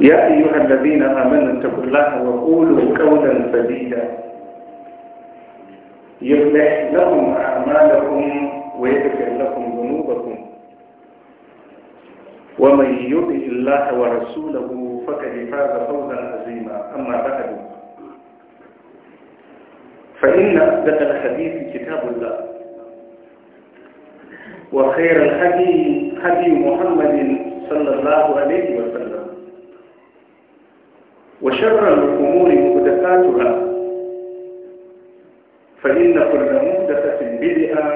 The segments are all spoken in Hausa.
يا أيها الذين آمنوا اتقوا الله وقولوا قولا سديدا يفلح لهم أعمالكم ويغفر لكم ذنوبكم ومن يطع الله ورسوله فقد فاز فوزا عظيما أما بعد فإن أصدق الحديث كتاب الله وخير الهدي هدي محمد صلى الله عليه وسلم وشر الأمور مهدفاتها فإن كل مهدفة بدئة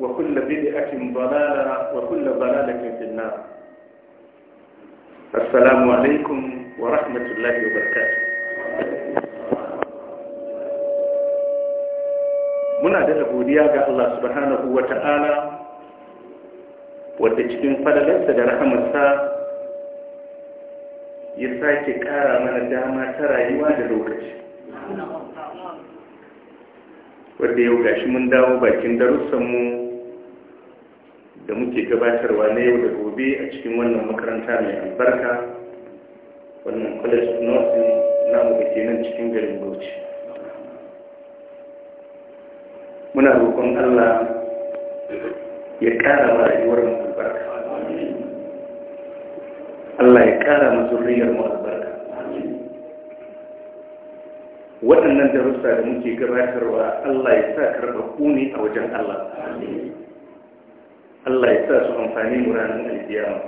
وكل بدئة ضلالة وكل ضلالة في النار السلام عليكم ورحمة الله وبركاته muna da godiya ga Allah subhanahu wa ta'ala wadda cikin fadalarsa da rahamarsa ya sake kara mana dama ta rayuwa da lokaci wadda yau gashi mun dawo bakin darussanmu da muke gabatarwa na yau da gobe a cikin wannan makaranta mai albarka wannan college nursing namu da ke nan cikin garin bauchi muna roƙon allah ya ƙara rayuwar mu albarka ƙara mu zurriyar mu albarka waɗannan darussa da muke gabatarwa Allah ya sa karɓa ne a wajen Allah Allah ya sa su amfani mu ranar alkiyama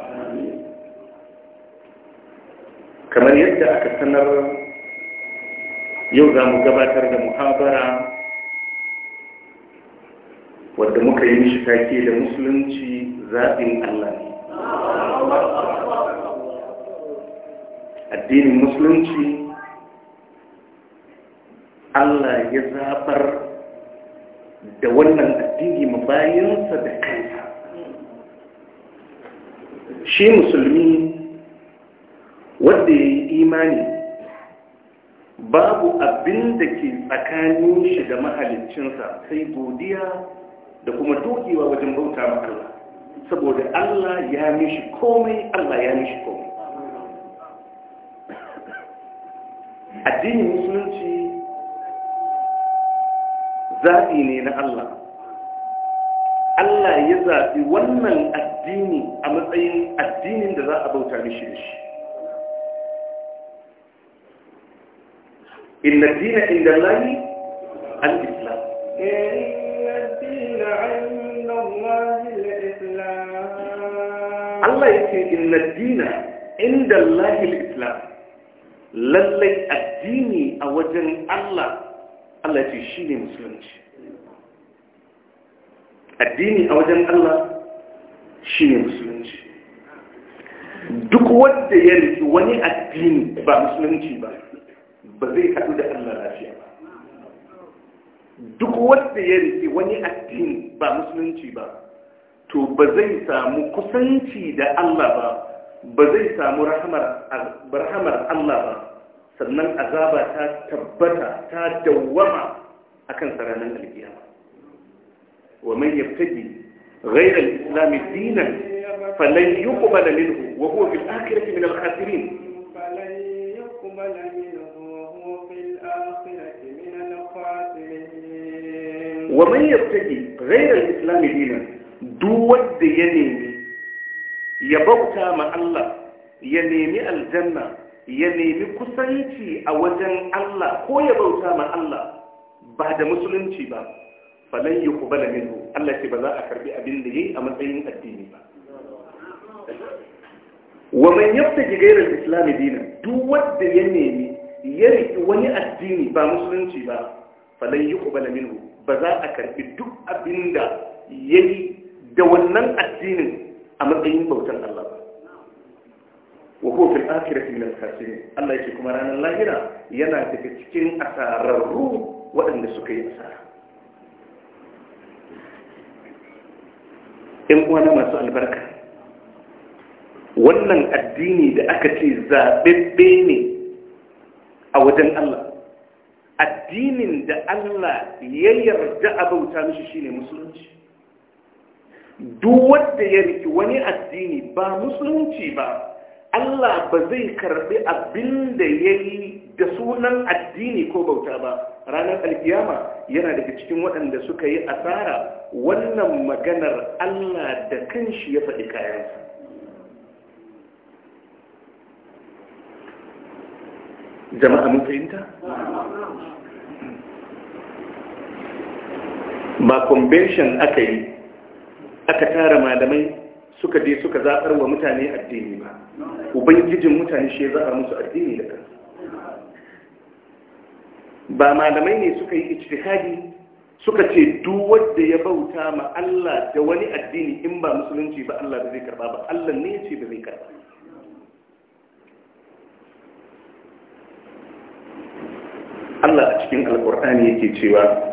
kamar yadda aka sanar yau za mu gabatar da muhabara wadda muka yi shi take da musulunci zaɓin Allah ne addinin musulunci Allah ya zaɓar da wannan addini mabayinsa da kansa shi musulmi wanda ya yi imani babu abin da ke tsakani shi da mahalicinsa sai godiya da kuma dokewa wajen bauta maka saboda Allah ya mishi komai Allah ya mishi komai addinin musulunci zaɓi ne na Allah Allah ya zaɓi wannan addini a matsayin addinin da za a bauta mishi da shi inna dina inda lani al-islam Allah ya ce inna dina inda lani al-islam lallai addini a wajen Allah Allah ce shi ne musulunci addini a wajen Allah shi ne musulunci duk wanda ya riki wani addini ba musulunci ba ba zai haɗu da Allah lafiya ba duk wanda ya riki wani addini ba musulunci ba to ba zai samu kusanci da Allah ba ba zai samu rahamar Allah ba sannan azaba ta tabbata ta dawwama akan saranan alkiyama wa man yabtaji ghayra alislam dinan falan yuqbal minhu wa huwa fil akhirati min alkhasirin khasirin wa man yabtaji ghayra al-islam dinan duk wanda ya nemi ya bauta ma ya nemi kusanci a wajen Allah ko ya bauta ma Allah ba da musulunci ba falan yi kubala minhu Allah ce ba za a karbi abin da a matsayin addini ba wa yadda yabtaji ghayra al duk wanda ya nemi ya riki wani addini ba musulunci ba falan yi kubala minhu ba za a karbi duk abin da yayi da wannan addinin a matsayin bautan Allah wa huwa fil akhirati min al-khasirin Allah yake kuma ranar lahira yana daga cikin asararru waɗanda suka yi asara in uwana masu albarka wannan addini da aka ce zaɓaɓɓe ne a wajen Allah addinin da Allah ya yarda a bauta mishi shine musulunci duk wanda ya riki wani addini ba musulunci ba Allah ba zai karɓi abin da ya yi da sunan addini ko bauta ba ranar alkiyama yana daga cikin waɗanda suka yi asara wannan maganar Allah da kanshi ya faɗi kayansa jama'a mun fahimta? ba convention aka yi aka tara malamai suka je suka zaɓar wa mutane addini ba ubangijin mutane shi zaɓa musu addini da kan ba malamai ne suka yi ijtihadi suka ce duk wanda ya bauta ma Allah da wani addini in ba musulunci ba Allah ba zai karba ba Allah ne ya ce ba zai karba Allah a cikin alkur'ani yake cewa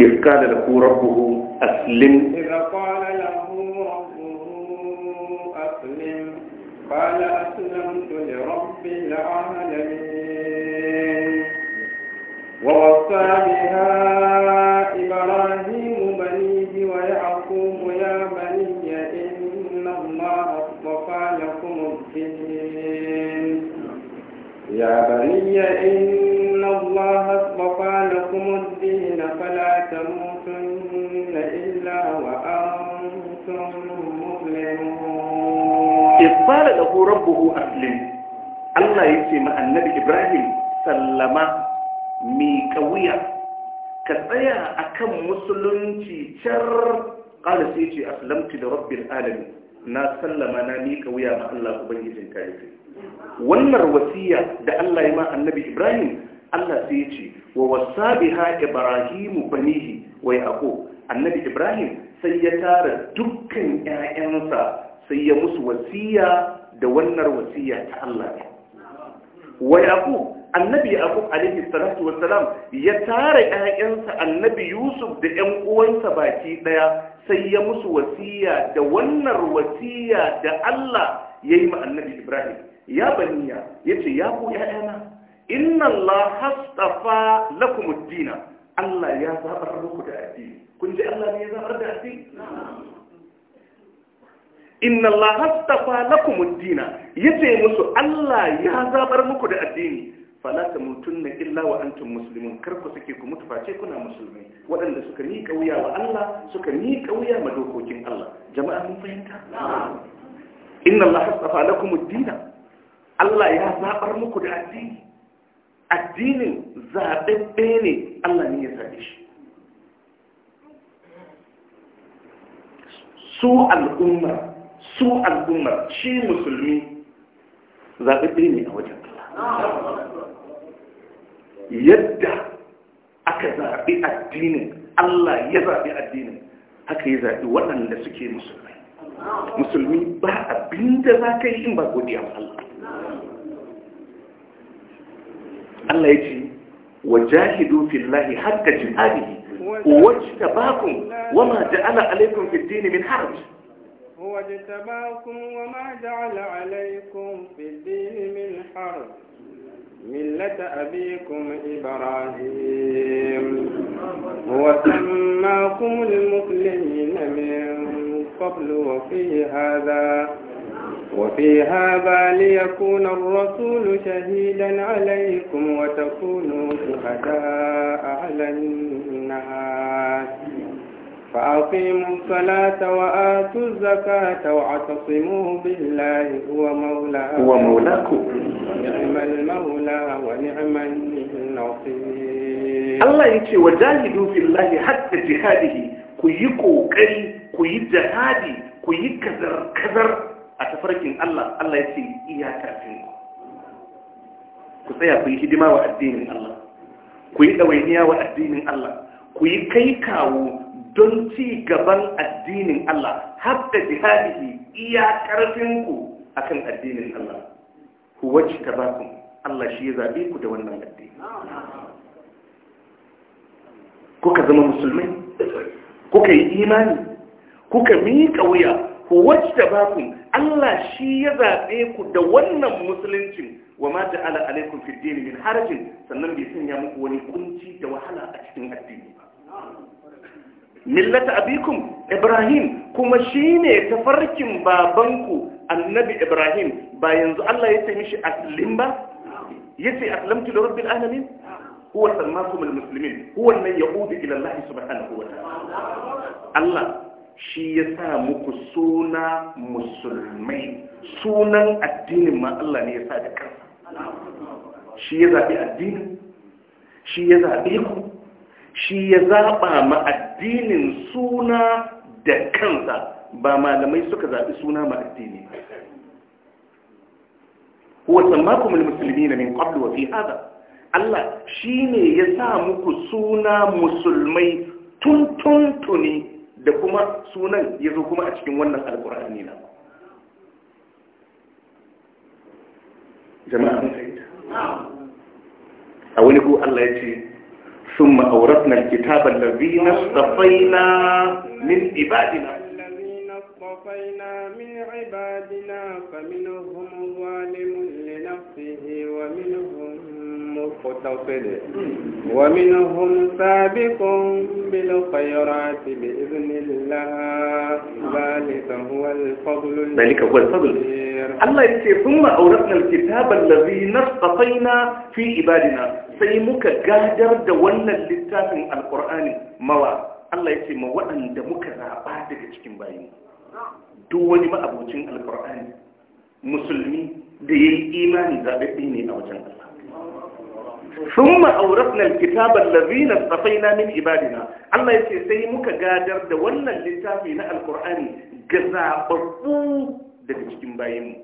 إذ قال له ربه أسلم إذ قال له ربه أسلم قال أسلمت لرب العالمين ووصى بها إبراهيم بنيه ويعقوب يا بني إن الله اصطفى لكم الدين يا بني إن تموتن إلا وأنتم مؤمنون إذ قال له ربه أسلم الله يسمى النبي إبراهيم سلم ميكويا كتايا أكم مسلمتي شر قال سيتي أسلمت لرب العالمين na sallama na miƙa wuya ma Allah Ubangijin kayafi wannan wasiya da Allah ya ma annabi Ibrahim Allah sai ya ce wa wasa ha ibrahimu banihi wa yaqub annabi ibrahim sai ya tara dukkan ƴaƴansa sai ya musu wasiya da wannan wasiya ta Allah ne wa yaqub annabi yaqub alaihi salatu wassalam ya tara ƴaƴansa annabi yusuf da ƴan uwansa baki daya sai ya musu wasiya da wannan wasiya da Allah yayi ma annabi ibrahim ya baniya yace ya ku ƴaƴana inna Allah hastafa lakum ad-din Allah ya zabar muku da addini kun ji Allah ne ya zabar da addini inna Allah hastafa lakum ad-din yace musu Allah ya zabar muku da addini fala tamutunna illa wa antum muslimun kar ku sake ku mutu face kuna musulmai waɗanda suka miƙa wuya wa Allah suka miƙa wuya ma dokokin Allah jama'a mun fahimta inna Allah hastafa lakum ad-din Allah ya zabar muku da addini addinin zaɓaɓɓe ne Allah ne ya zaɓe shi su al'umma su al'umma shi musulmi zaɓaɓɓe ne a wajen yadda aka zaɓi addinin Allah ya zaɓi addinin haka ya zaɓi waɗanda suke musulmi. musulmi ba abinda za ka yi in ba godiya Allah Allah ya ce wa jahidu fillahi hakka jihadihi wajtabakum wama ja'ala alaykum fid din min haraj هو اجتباكم وما جعل عليكم في الدين من حرج ملة أبيكم إبراهيم هو سماكم المسلمين من قبل وفي هذا وفي هذا ليكون الرسول شهيدا عليكم وتكونوا شهداء على الناس فأقيموا الصلاة وآتوا الزكاة واعتصموا بالله هو مولاكم هو مولاكم ونعم المولى ونعم النصير الله يجي وجاهدوا في الله حتى جهاده كي كي جهادي كي كذر كذر a tafarkin Allah Allah ya ce iya karfin ku tsaya ku yi hidima wa addinin Allah ku yi ɗawainiya wa addinin Allah ku yi kai kawo don ci gaban addinin Allah har da jihadihi iya karfin ku akan addinin Allah ku wacce ta bakun Allah shi ya zaɓe ku da wannan addini kuka zama musulmai kuka yi imani kuka miƙa wuya ku wacce bakun Allah shi ya zaɓe ku da wannan musuluncin wa ma ja'ala alaikum fid din min harajin sannan bai sanya muku wani kunci da wahala a cikin addini ba millata abikum ibrahim kuma shi ne tafarkin babanku annabi ibrahim ba yanzu Allah ya ce mishi aslim ba yace aslamtu li rabbil alamin huwa salmakum al muslimin huwa man yaudu ila Allah subhanahu wa ta'ala Allah shi ya sa muku suna musulmai sunan addinin ma Allah ne ya sa da kansa shi ya zaɓi addinin shi ya zaɓe ku shi ya zaɓa ma addinin suna da kansa ba malamai suka zaɓi suna ma addini huwa musulmi na min qablu wa fi hada Allah shi ne ya sa muku suna musulmai tun tuntuni da kuma sunan ya zo kuma a cikin wannan alkur'ani na jama'a mun a wani ko Allah ya ce summa awratna alkitaba allazina safaina min ibadina اصطفينا من عبادنا فمنهم ظالم لنفسه ومنهم kotafele wa minhum sabiqun bil khayrati bi idhnillah zalika huwa al fadl zalika huwa al fadl Allah yake kuma auratna al kitaba allazi nasqatayna fi ibadina sai muka gadar da wannan littafin al qur'ani mawa Allah yake ma waɗanda muka zaba daga cikin bayin duk wani ma abocin al musulmi da yayi imani zaɓe ne a wajen Allah sun ma'auratun alkitabar lazinan tsafaina min ibadina Allah ya ce sai muka gadar da wannan littafi na alkur'ani ga zaɓaɓɓu daga cikin bayinmu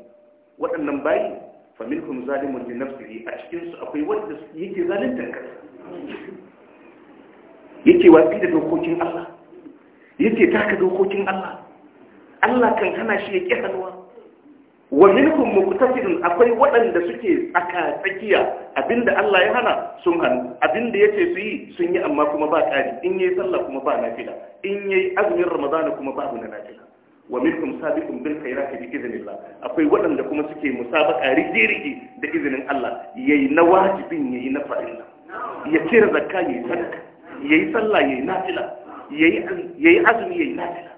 waɗannan bayi faminkum zalimun li nafsihi a cikinsu akwai wanda yake zaluntar kansa yake wafi da dokokin Allah yake taka dokokin Allah Allah kan hana shi ya ƙi hannuwa wa minkum muqtasidun akwai waɗanda suke tsaka tsakiya abinda Allah ya hana sun hanu abinda yace su yi sun yi amma kuma ba ƙari in yayi sallah kuma ba nafila in yayi azumin ramadana kuma ba na nafila wa minkum sabiqun bil khairati bi idhnillah akwai waɗanda kuma suke musabaqa rige da izinin Allah yayi na wajibin yayi na farilla ya tira zakka yayi sadaka yayi sallah yayi nafila yayi yayi azumi yayi nafila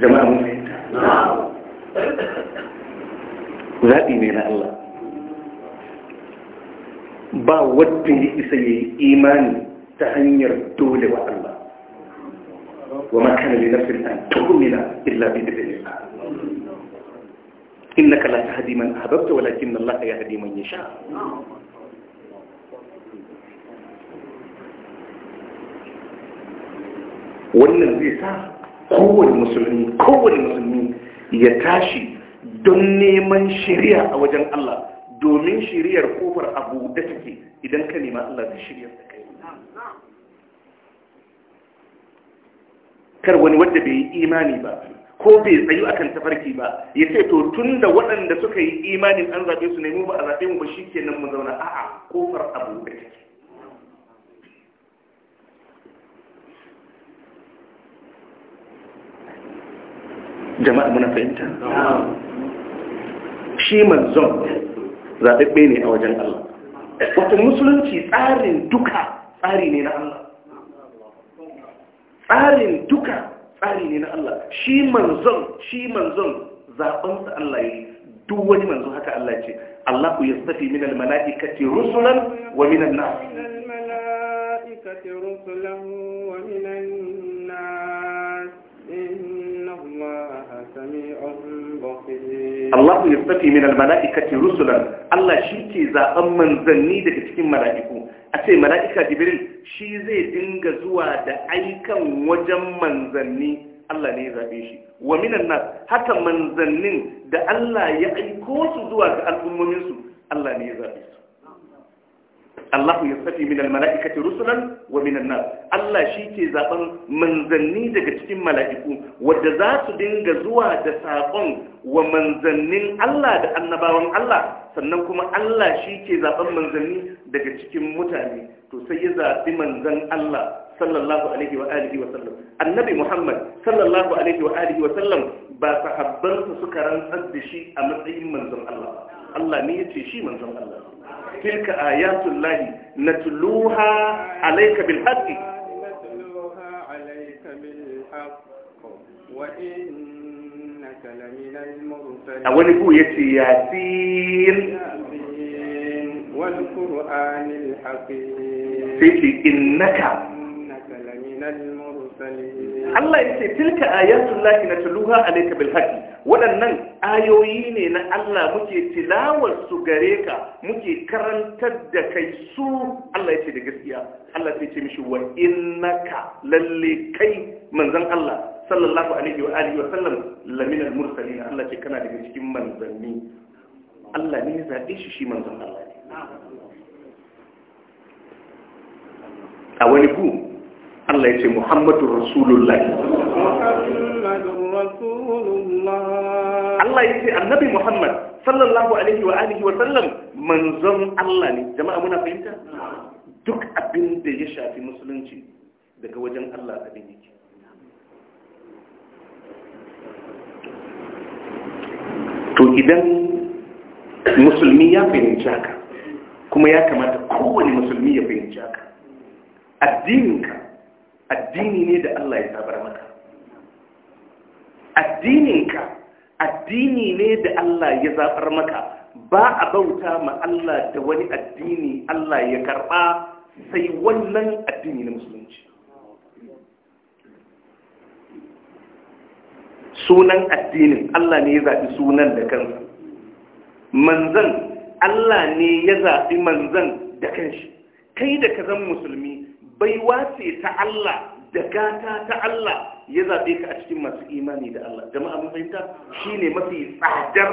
جمعهم في ذات إيمان الله با وطن إيمان تهنير دول الله وما كان لنفس أن تؤمن إلا بإذن الله إنك لا تهدي من أحببت ولكن الله يهدي من يشاء wannan zai kowane musulmi kowane musulmi ya tashi don neman shari'a a wajen Allah domin shari'ar kofar abu da take idan ka nema Allah da shari'ar da kai kar wani wanda bai yi imani ba ko bai tsayu akan tafarki ba ya ce to tun da waɗanda suka yi imanin an zaɓe su nemi ba a zaɓe mu ba shi kenan mu zauna a'a kofar abu da take jama'a muna fahimta shi manzon zaɓaɓɓe ne a wajen Allah wata musulunci tsarin duka tsari ne na Allah tsarin duka tsari ne na Allah shi manzon shi manzon zaɓansa Allah yi duk wani manzo haka Allah ce Allah ku yastafi min al-mala'ikati rusulan wa min an-nas min al wa min an Allahu ya safi min al-mala'ikati rusulan Allah shi ke zaban manzanni daga cikin mala'iku a ce mala'ika Jibril shi zai dinga zuwa da aikan wajen manzanni Allah ne zabe shi wa minan na, haka manzannin da Allah ya aiko su zuwa ga al'ummomin su Allah ne zabe su Allah ya safi min mala'ikati rusulan wa min annas Allah shi ke zaben manzanni daga cikin mala'iku wanda za su dinga zuwa da sakon wa manzannin Allah da annabawan Allah sannan kuma Allah shi ke zaben manzanni daga cikin mutane to sai ya zabi manzan Allah sallallahu alaihi wa alihi wa sallam annabi Muhammad sallallahu alaihi wa alihi wa sallam ba sahabbansa suka rantsar da shi a matsayin manzon Allah Allah ne ya ce shi manzon Allah تلك آيات الله نتلوها عليك بالحق نتلوها عليك بالحق وإنك لمن المرسلين أولي هو ياسين والقرآن الحكيم في إنك لمن المرسلين الله tilka تلك آيات الله نتلوها عليك بالحق waɗannan ayoyi ne na Allah muke tilawar su gare ka muke karantar da kai su Allah ya ce da gaskiya Allah sai ce mishi wa innaka lalle kai manzon Allah sallallahu alaihi wa alihi wa sallam laminal mursalin Allah ce kana daga cikin manzanni Allah ne ya zabe shi shi manzon Allah a wani ku Allah ya ce Muhammadu Rasulullahi Allah ya ce annabi Muhammad sallallahu alaihi wa alihi wa sallam manzon Allah ne jama'a muna fahimta duk abin da ya shafi musulunci daga wajen Allah abin yake to idan musulmi ya fahimci haka kuma ya kamata kowane musulmi ya fahimci haka addininka addini ne da Allah ya sabar maka addininka addini ne da Allah ya zafar maka ba a bauta ma Allah da wani addini Allah ya karɓa sai wannan addini na musulunci sunan addinin Allah ne ya zaɓi sunan da kansa manzan Allah ne ya zaɓi manzan da kanshi kai da ka zan musulmi baiwa ce ta Allah da gata ta Allah ya zaɓe ka a cikin masu imani da Allah jama'a mun fahimta ne mafi tsadar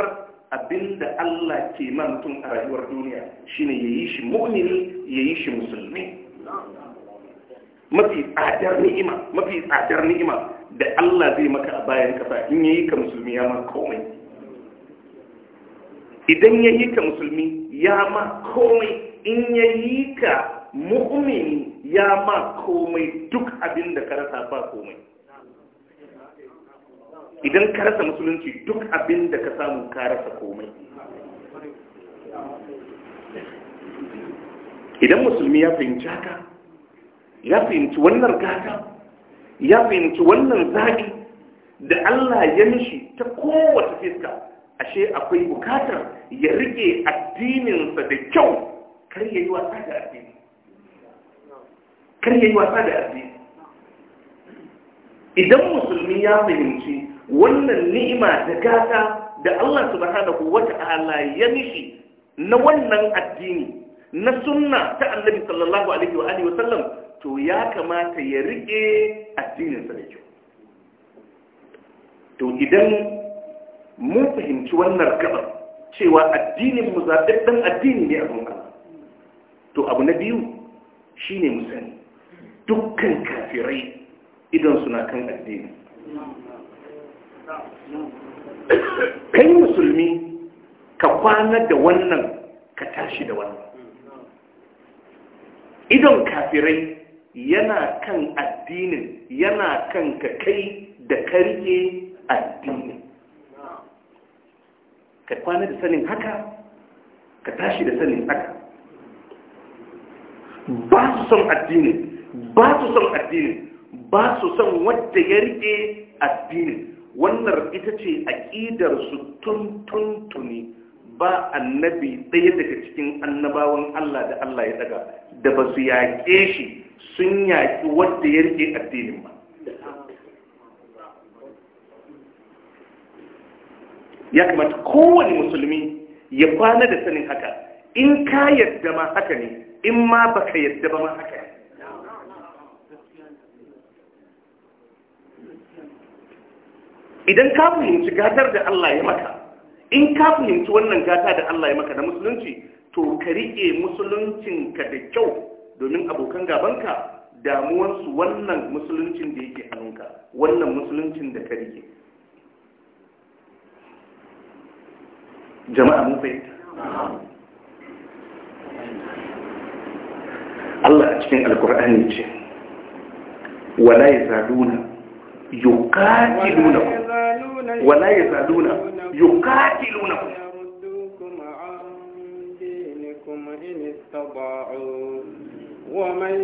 abinda Allah ke ma mutum a rayuwar duniya ya yi shi mu'mini yi shi musulmi mafi tsadar ni'ima mafi tsadar ni'ima da Allah zai maka a bayan kafa in ya yi ka musulmi ya ma komai idan ya yi ka musulmi ya ma komai in ya yi ka mu'mini ya ma komai duk abin da ka ba komai idan ka rasa musulunci duk abin da ka samu ka rasa komai idan musulmi ya fahimci haka ya fahimci wannan gata ya fahimci wannan zaɓi da Allah ya mishi ta kowace fiska ashe akwai bukatar ya rike addininsa da kyau kar ya yi wasa da addini kar ya yi wasa da addini idan musulmi ya fahimci wannan ni'ima da gata da Allah subhanahu ta'ala ya mishi na wannan addini na sunna ta annabi sallallahu alaihi wa alihi wasallam to ya kamata ya rike addininsa da kyau to idan mun fahimci wannan gabar cewa addinin mu zaɓaɓɓen addini ne a to abu na biyu shine ne dukkan kafirai idan suna kan addini kai musulmi ka kwana da wannan ka tashi da wannan idan kafirai yana kan addinin yana kan ka kai da karye addinin ka kwana da sanin haka ka tashi da sanin haka ba su son addinin ba su son addinin ba su son wadda ya rike addinin wannan ita ce aƙidar su tun tuni ba annabi ɗaya daga cikin annabawan Allah da Allah ya daga da ba su yaƙe shi sun yaƙi wadda ya rike addinin ba ya kamata kowane musulmi ya kwana da sanin haka in ka yadda ma haka ne in ma baka yadda ba ma haka ne idan ka fahimci gatar da Allah ya maka in ka fahimci wannan gata da Allah ya maka da musulunci to ka riƙe musuluncinka da kyau domin abokan gabanka damuwarsu wannan musuluncin da yake hannunka wannan musuluncin da ka riƙe jama'a mun fahimta Allah a cikin alkur'ani ce wala yazaluna ku? ولا يزالون يقاتلونكم ومن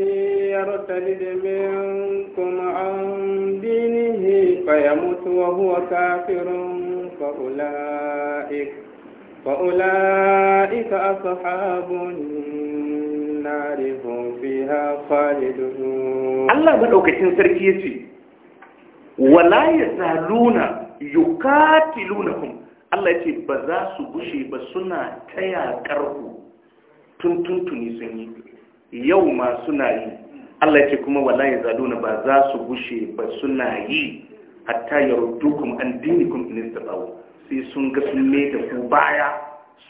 يرتد منكم عن دينه فيمت وهو كافر فأولئك فأولئك أصحاب النار هم فيها خالدون الله ملوك تنسر كيسي ولا يزالون yuqatilunakum Allah ya ce ba za su gushe ba suna taya yaƙar ku tuntuntuni sun yau ma suna yi Allah ya kuma wallahi zaluna ba za su gushe ba suna yi hatta yardukum an dinikum in istabawu sai sun ga sun da ku baya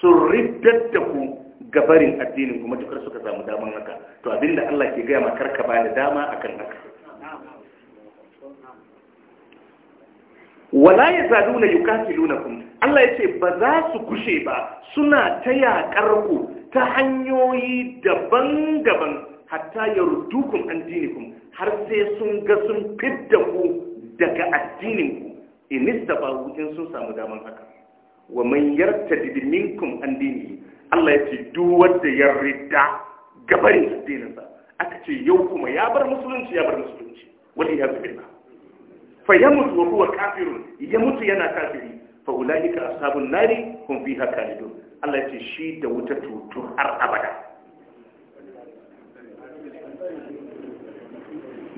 sun riddatta da ku gabarin addinin kuma tukar suka samu daman haka to abinda Allah ke gaya ma karka ba da dama akan haka wala ya zalu na yukatilunakum Allah ya ce ba za su kushe ba suna ta yaƙar ku ta hanyoyi daban-daban hatta yardukum an har sai sun ga sun fidda ku daga addininku, ku in istabahu in sun samu daman haka wa man yartadi minkum an dini Allah ya ce duk wanda ya ridda gabarin addininsa aka ce yau kuma ya bar musulunci ya bar musulunci wali ya zubillah fa yamut wa huwa kafirun ya mutu yana kafiri fa ulaika ashabun nari hum fiha khalidun Allah ya ce shi da wuta tutu har abada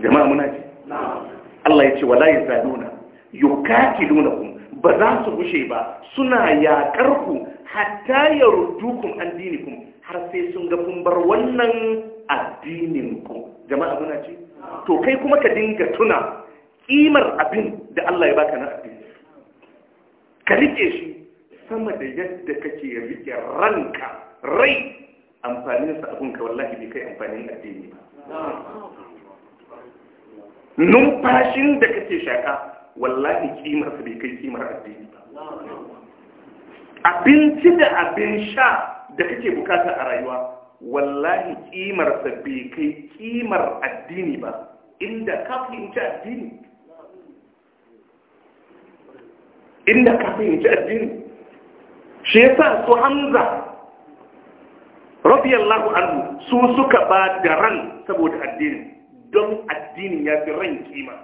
jama'a muna ji Allah ya ce wala yazaluna yukatilunakum ba za su gushe ba suna yakar ku hatta yarudukum an dinikum har sai sun ga kun bar wannan addinin ku jama'a muna ji to kai kuma ka dinga tuna ƙimar abin da Allah ya baka na abin ka rike shi sama da yadda kake rike ranka rai amfanin sa abin ka wallahi bai kai amfanin addini ba numfashin da kake shaka wallahi kimar sa bai kai kimar addini ba abinci da abin sha da kake bukata a rayuwa wallahi ƙimarsa bai kai ƙimar addini ba inda ka fahimci addini inda ka fahimci addini shi yasa su hamza radiyallahu anhu su suka ba da ran saboda addini don addini ya fi ran kima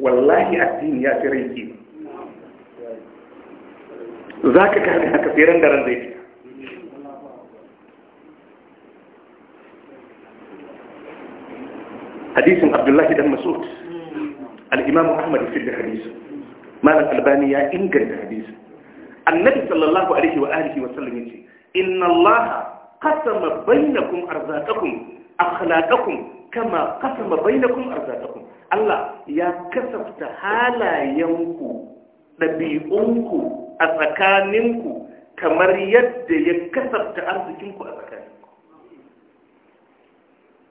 wallahi addini ya fi ran kima za ka kare haka tseren da ran zai fita hadisin abdullahi dan masud al-imam ahmad fi al-hadith malam albani ya inganta hadisu, annabi sallallahu alaihi wa alihi wa sallam yace inna allaha qasama bainakum arzaqakum akhlaqakum kama qasama bainakum arzaqakum Allah ya kasafta halayenku dabi'unku a tsakaninku kamar yadda ya kasafta arzikinku a tsakanin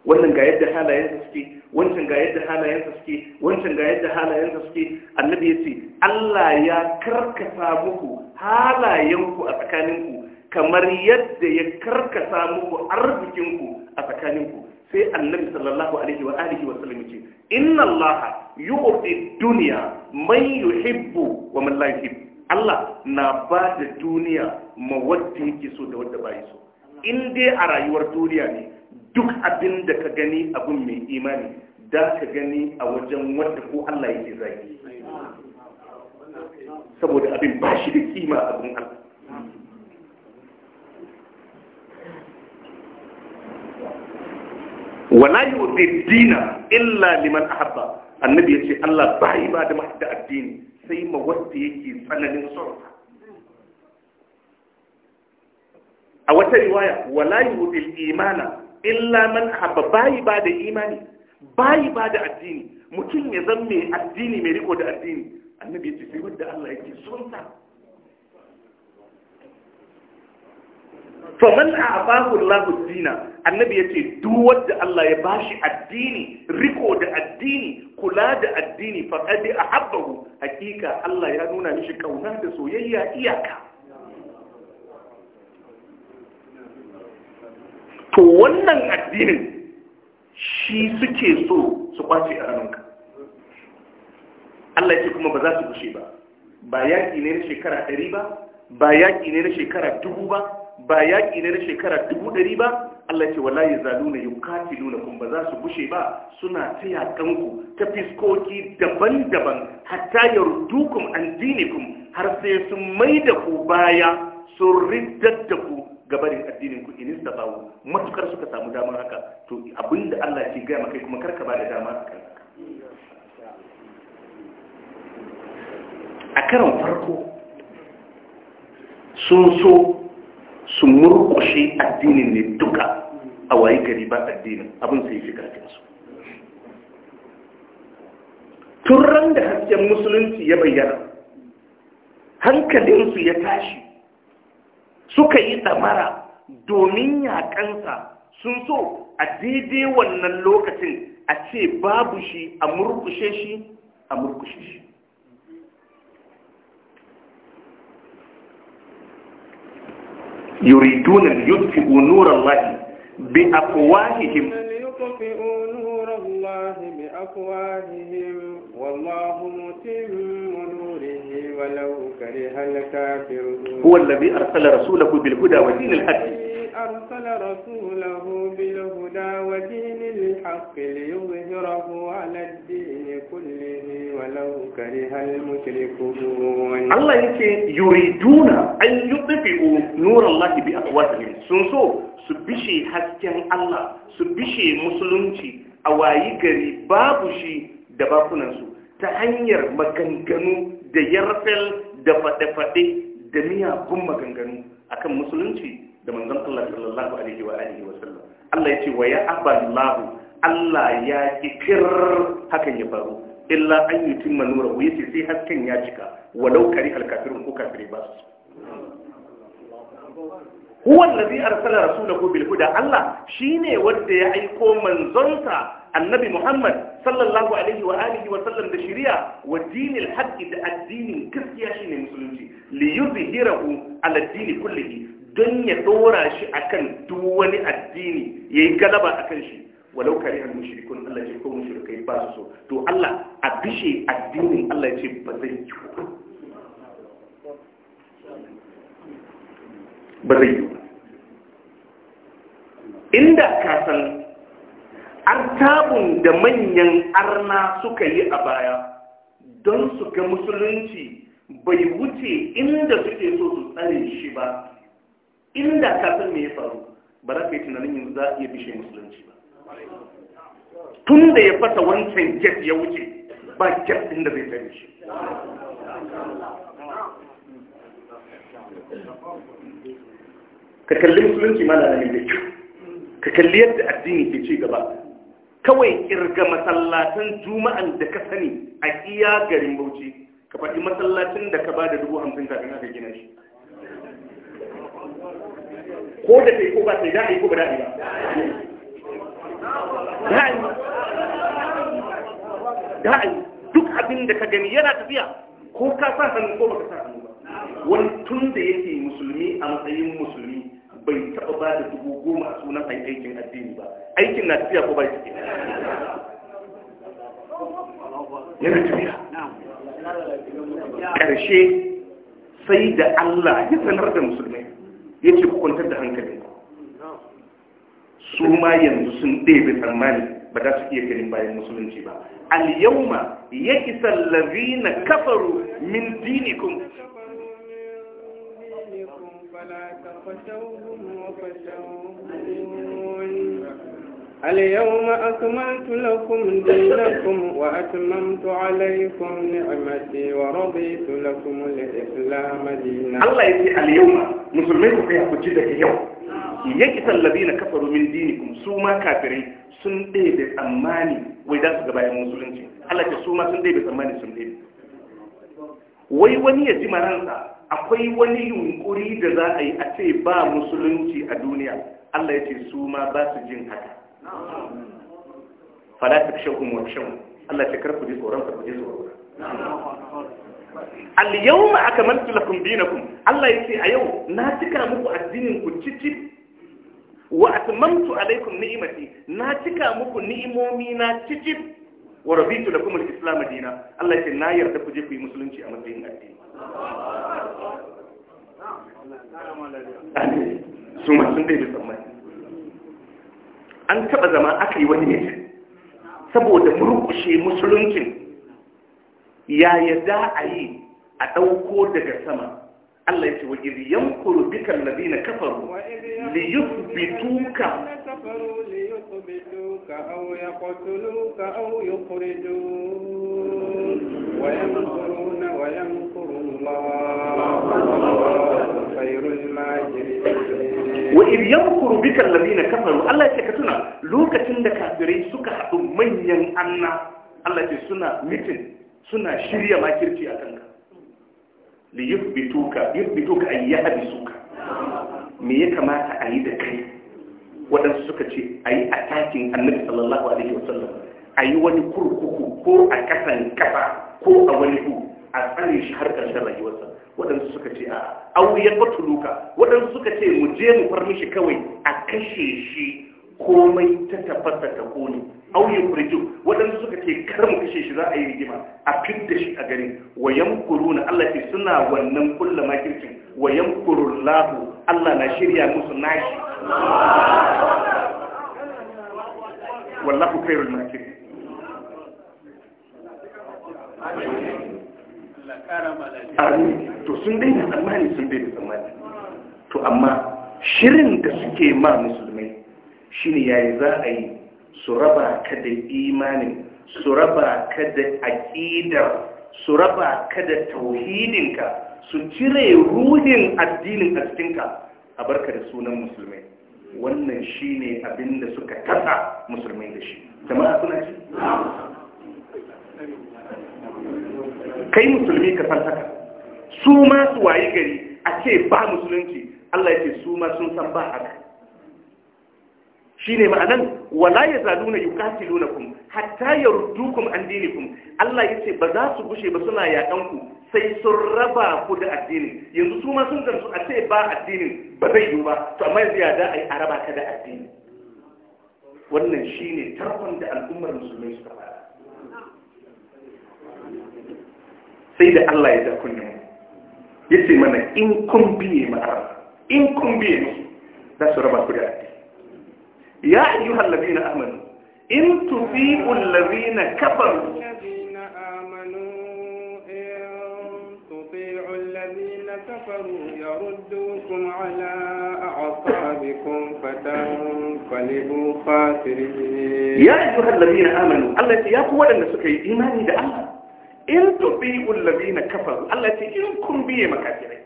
wannan ga yadda halayensa suke wancan ga yadda halayensa suke wancan ga yadda halayensa suke annabi ya ce Allah ya karkasa muku halayenku a tsakaninku kamar yadda ya karkasa muku arzikinku a tsakaninku sai annabi sallallahu alaihi wa alihi wa sallam ce inna Allah yu'ti dunya man yuhibbu wa man la yuhib Allah na ba da duniya ma yake so da wadda ba so in dai a rayuwar duniya ne duk abin da ka gani abin mai imani da ka gani a wajen wanda ko Allah yake zagi saboda abin ba shi da kima abin Allah wala yu'ti dina illa liman ahabba annabi yace Allah bai ba da mahda addini sai ma wanda yake tsananin son a wata riwaya wala yu'ti imana illa man haba bayi ba da imani bayi ba da addini mutum ya zan mai addini mai riko da addini annabi ya ce sai wanda Allah yake son sa fa man a'abahu Allahu dina annabi ya ce duk wanda Allah ya bashi addini riko da addini kula da addini a ahabbahu hakika Allah ya nuna mishi kauna da soyayya iyaka to wannan addinin shi suke so su kwace a ranka Allah ce kuma ba za su bushe ba ba yaƙi ne na shekara ɗari ba ba yaƙi ne na shekara dubu ba ba yaƙi ne na shekara dubu ɗari ba Allah ce wala kati nuna kuma ba za su bushe ba suna ta yaƙanku ta fiskoki daban-daban hatta yardukum an dinikum har sai sun maida ku baya sun riddar da ku gabarin addinin ku in bawo matukar suka samu damar haka to abinda Allah ke gaya maka kuma karka ba da dama a kan a farko sun so su murkushe addinin ne duka a wayi gari ba addinin abin sai fi karfin tun ran da hasken musulunci ya bayyana hankalinsu ya tashi suka yi tsamara domin yaƙansa sun so a daidai wannan lokacin a ce babu shi a murkushe shi a murkushe shi yuri tunan يطفئوا نور lahi bi يطفئوا نور الله بأفواههم والله ولو كره الكافرون هو الذي أرسل رسوله بالهدى ودين الحق أرسل رسوله بالهدى ودين الحق ليظهره على الدين كله ولو كره المشركون الله يكي يريدون أن يطفئوا نور الله بأقواتهم سنسو سبشي حسكن الله سبشي مسلمتي أوايقري بابشي دباقنا سو ta hanyar maganganu da yarfel da faɗe-faɗe da miya bun maganganu akan musulunci da manzon Allah sallallahu alaihi wa wa sallam Allah ya ce wa ya Allah ya kifir hakan ya faru illa an yutimma wuya ce sai hasken ya cika walau kari alkafirin ko kafiri ba su Huwan allazi arsala rasulahu bil da Allah shi ne wanda ya aiko manzonsa annabi muhammad sallallahu alaihi wa alihi wa sallam da shari'a wa dinil haqqi da addinin gaskiya shine musulunci li yuzhirahu ala dini kullihi don ya dora shi akan duk wani addini yayi galaba akan shi walau kare al mushrikun Allah ya ko mushrikai ba su so to Allah a bishe addinin Allah ya ce ba zai yi ba zai yi inda ka san artabun da manyan arna suka yi a baya don su ga musulunci bai wuce inda suke so su tsare shi ba inda kasar mai faru ba za ka yi tunanin yanzu za a iya bishe musulunci ba tun da ya fasa wancan jet ya wuce ba jet inda zai tsare shi ka kalli musulunci ma na da ka kalli yadda addini ke ci gaba kawai kirga masallatan juma'an da ka sani a iya garin bauchi ka faɗi masallacin da ka ba da dubu hamsin kafin aka gina shi ko da ta yi ko ba ta yi a yi ko ba da'a yi ba Da a yi duk abin da ka gani yana tafiya ko ka sa hannu ko ba ka sa hannu ba wani tun da yake musulmi a matsayin musulmi bai taba ba da dubu goma a sunan aikin addini ba aikin na tafiya ko ba shi ke yana tafiya ƙarshe sai da Allah ya sanar da musulmai ya ce kwantar da hankali su ma yanzu sun ɗebe tsammani ba za su iya ganin bayan musulunci ba al yawma ya isa lazina kafaru min dinikum اليوم أكملت لكم دينكم وأتممت عليكم نعمتي ورضيت لكم الإسلام دينا الله يقول اليوم مسلمين في كجدك اليوم يجد الذين كفروا من دينكم سوما كافرين سندي بالأماني tsammani wai za su ga bayan musulunci Allah ce su ma sun ɗebe akwai wani yunkuri da za a yi a ce ba musulunci a duniya Allah ya ce su ma ba su jin haka fala ta kashe kuma shan Allah ya karku ji tsoron ku ji tsoron al yawma akmaltu lakum dinakum Allah ya ce a yau na cika muku addinin ku cici wa atmamtu alaykum ni'mati na cika muku ni'imomi na cici wa rabitu lakum al-islam dinan Allah ya ce na yarda ku je ku yi musulunci a matsayin addini su ma sun daidai tsammani an taɓa zama aka yi wani ne saboda murkushe musuluncin ya za a yi a ɗauko daga sama Allah ya ce waje da yankuru bikan labi na kafaru da yuthbituka أو يقتلوك أو يخرجون ويمكرون ويمكرون ya in yankuru bika Lamina kafaru Allah ce ka tuna lokacin da kafirai suka haɗu manyan anna Allah ce suna mitin suna shirya makirci a kanka li yuthbituka yuthbituka ay yahbisuka me ya kamata a yi da kai waɗansu suka ce a yi atakin annabi sallallahu alaihi wasallam a yi wani kurkuku ko a kasan kafa ko a wani hu a tsare shi har ƙarshen rayuwarsa waɗansu suka ce a auyar luka waɗansu suka ce mu je mu far mishi kawai a kashe shi komai ta tabbata ta kone auyin furjin waɗansu suka ce kar mu kashe shi za a yi rigima a fidda shi a gari wayan kuruna Allah ce suna wannan kulla makircin wayan lahu Allah na shirya musu nashi wallahu khairul makircin to sun daina tsammani sun daina tsammani to amma shirin da suke ma musulmai ne yayi za a yi su raba ka da imanin su raba ka da aƙidar su raba ka da tauhidinka su cire ruhin addinin a cikinka a barka da sunan musulmai wannan shine abin da suka tasa musulmai da shi jama'a suna shi kai musulmi ka san haka su ma su waye gari a ce ba musulunci Allah ya ce su ma sun san ba haka shine ma'anan wala yazaluna yuqatilunakum hatta yurdukum an dinikum Allah ya ce ba za su gushe ba suna yakan ku sai sun raba ku da addini yanzu su ma sun gamsu a ce ba addinin ba zai yi ba to amma yanzu ya da ai a raba ka da addini wannan shine tarkon da al'ummar musulmai suka fara sai da Allah ya ja kunnen ya ce mana in kun biye ma'ara in kun biye musu za su raba ku da addini ya ayyuhal ladina amanu in tufi'u alladhina kafaru كفروا يردوكم على أعصابكم فتنقلبوا خاسرين يا أيها الذين آمنوا التي يقوى أن سكي إيماني بأمر in tubi ulladina kafaru Allah ce in kun biye makafirai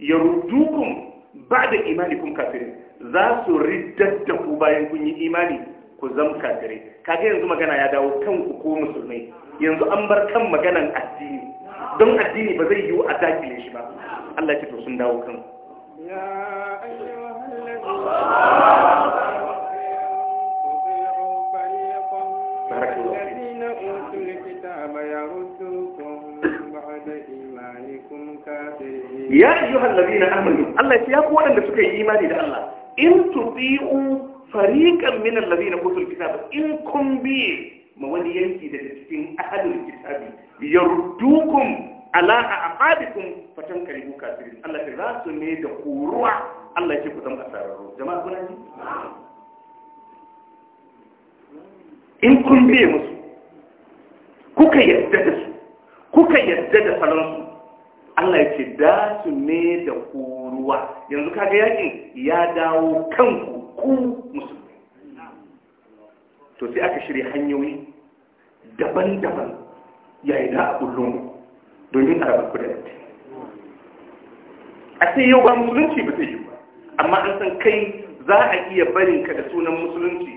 da ba'da kun kafirai za su riddar ku bayan kun yi imani ku zama kafirai kaga yanzu magana ya dawo kan ku ko musulmai yanzu an bar kan maganan addini don addini ba zai yiwu a dakile shi ba Allah ce to sun dawo kan ya ayyuhal ladina ya ayyuhal ladina amanu Allah ya ku wanda suka yi imani da Allah in tudiu fariqan min alladhina utul kitab in kun biye ma wani yanki da cikin ahadul kitabi yardukum a aqabikum fatan karibu kafirin Allah ya su ne da kuruwa Allah ya ku dan asararo jama'a kuna ji in musu kuka yarda da su kuka yadda da salonsu Allah ya ce da su ne da koruwa yanzu kaga yakin ya dawo kan ku musulmi to sai aka shirya hanyoyi daban-daban yayin da a kullum domin a rabar kudin yadda a sai yau ba musulunci ba zai yi ba amma an san kai za a iya barinka da sunan musulunci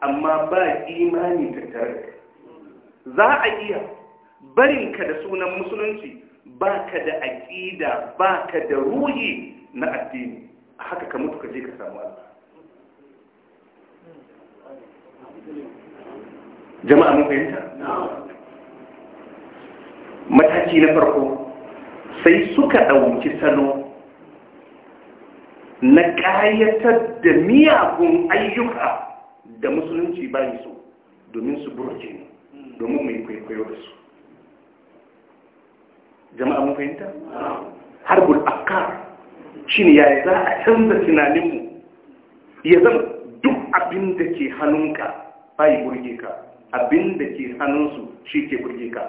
amma ba imani tattare da za a iya barinka da sunan musulunci ba ka da aƙida ba ka da ruhi na addini a haka ka mutu ka je ka samu Allah jama'a mun fahimta mataki na farko sai suka ɗauki salo na ƙayatar da miyagun ayyuka da musulunci bayi so domin su burge domin mai kwaikwayo da su jama'a mun fahimta harbul afkar ne yaya za a canza tunaninmu ya zama duk abin da ke hannunka yi burge ka abin da ke hannunsu shi ke burge ka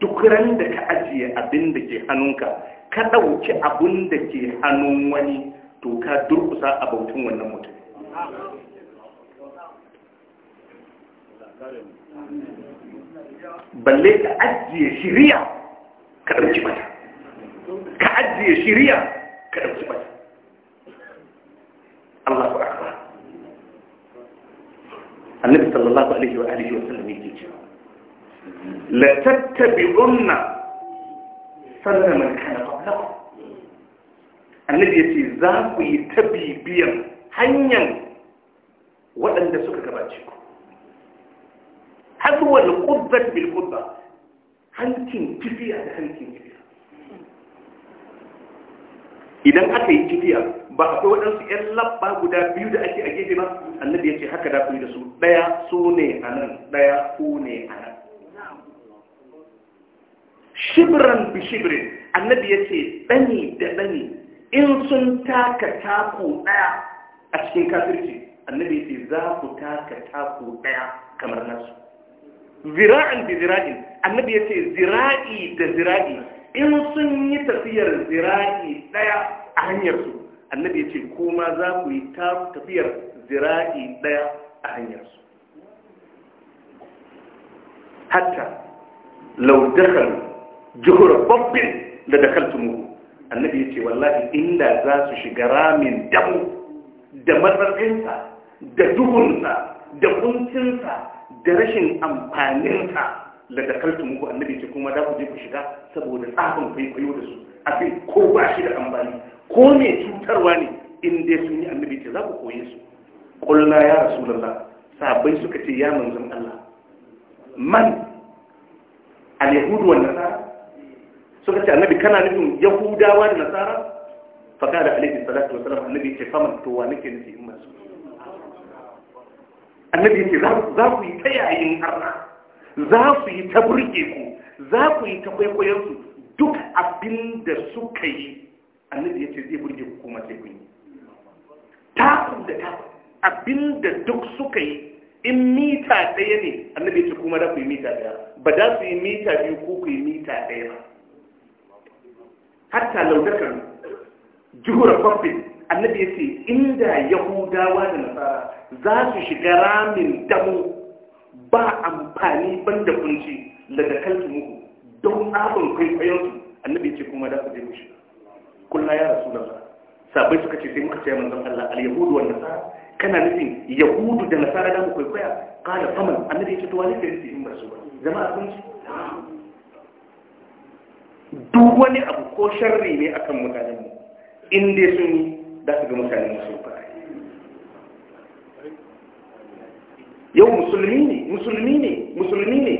duk ran da ka ajiye abin da ke hannunka ka ɗauki abin da ke hannun wani to ka durkusa a bautin wannan mutum balle ka ajiye shiriya ka ɗauki mata ka ajiye shiriya ka ɗauki mata Allah ku akbar annabi sallallahu alaihi wa alihi wa sallam yake cewa la tattabi'unna sannan man kana qablakum annabi yace za ku yi tabibiyan hanyar waɗanda suka gabace ku حذو القبة بالقبة hankin kifiya da hankin idan aka yi kifiya ba akwai waɗansu 'yan labba guda biyu da ake a gefe ba annabi ya ce haka da da su ɗaya so ne a nan ɗaya ko ne a nan shibiran bi shibirin annabi ya ce ɗani da ɗani in sun taka taku ɗaya a cikin kafirci annabi ya ce za ku taka taku ɗaya kamar nasu zira'an da zira'in annabi ya ce zira'i da zira'i in sun yi tafiyar zira'i ɗaya a hanyarsu annabi ya ce kuma za ku yi tafiyar zira'i ɗaya a hanyarsu hatta laudakar jihura babbin da dakaltumu annabi ya ce wallahi inda za su shiga ramin damu da matsatsinsa da duhunsa da kuncinsa da rashin amfaninsa da dakaltu muku annabi ce kuma da ku je ku shiga saboda tsafin kwaikwayo da su a kai ko ba shi da amfani ko mai cutarwa ne in dai sun yi annabi ce za ku koye su kulla ya rasulullah sabai suka ce ya manzon Allah man al-yahudu wan nasara suka ce annabi kana nufin yahudawa da nasara fa kada alaihi salatu wa salam annabi ce faman to wa nake nufi in masu annabi ce za ku yi ta ainihin arna za su yi ta burge ku za ku yi ta kwaikwayonsu duk abin da suka yi annabi ya ce zai burge ku kuma sai kun yi taku da taku abin da duk suka yi in mita ɗaya ne annabi ya ce kuma za ku yi mita ɗaya ba za su yi mita biyu ko ku yi mita ɗaya ba hatta laudakar juhura babbin annabi ya ce inda yahudawa da nasara za su shiga ramin damu ba amfani ban da kunci daga kansu muku don abin kwayonsu annabi ce kuma da su je mushi kulla ya rasu da sabai suka ce sai muka ce manzon Allah al-yahudu wa nasara kana nufin yahudu da nasara da mu kwaya kana faman annabi ce to wani kiristi in ba ba jama'a sun ci duk wani abu ko sharri ne akan mutanen mu in dai sun yi da su ga mutanen su yau musulmi ne musulmi ne musulmi ne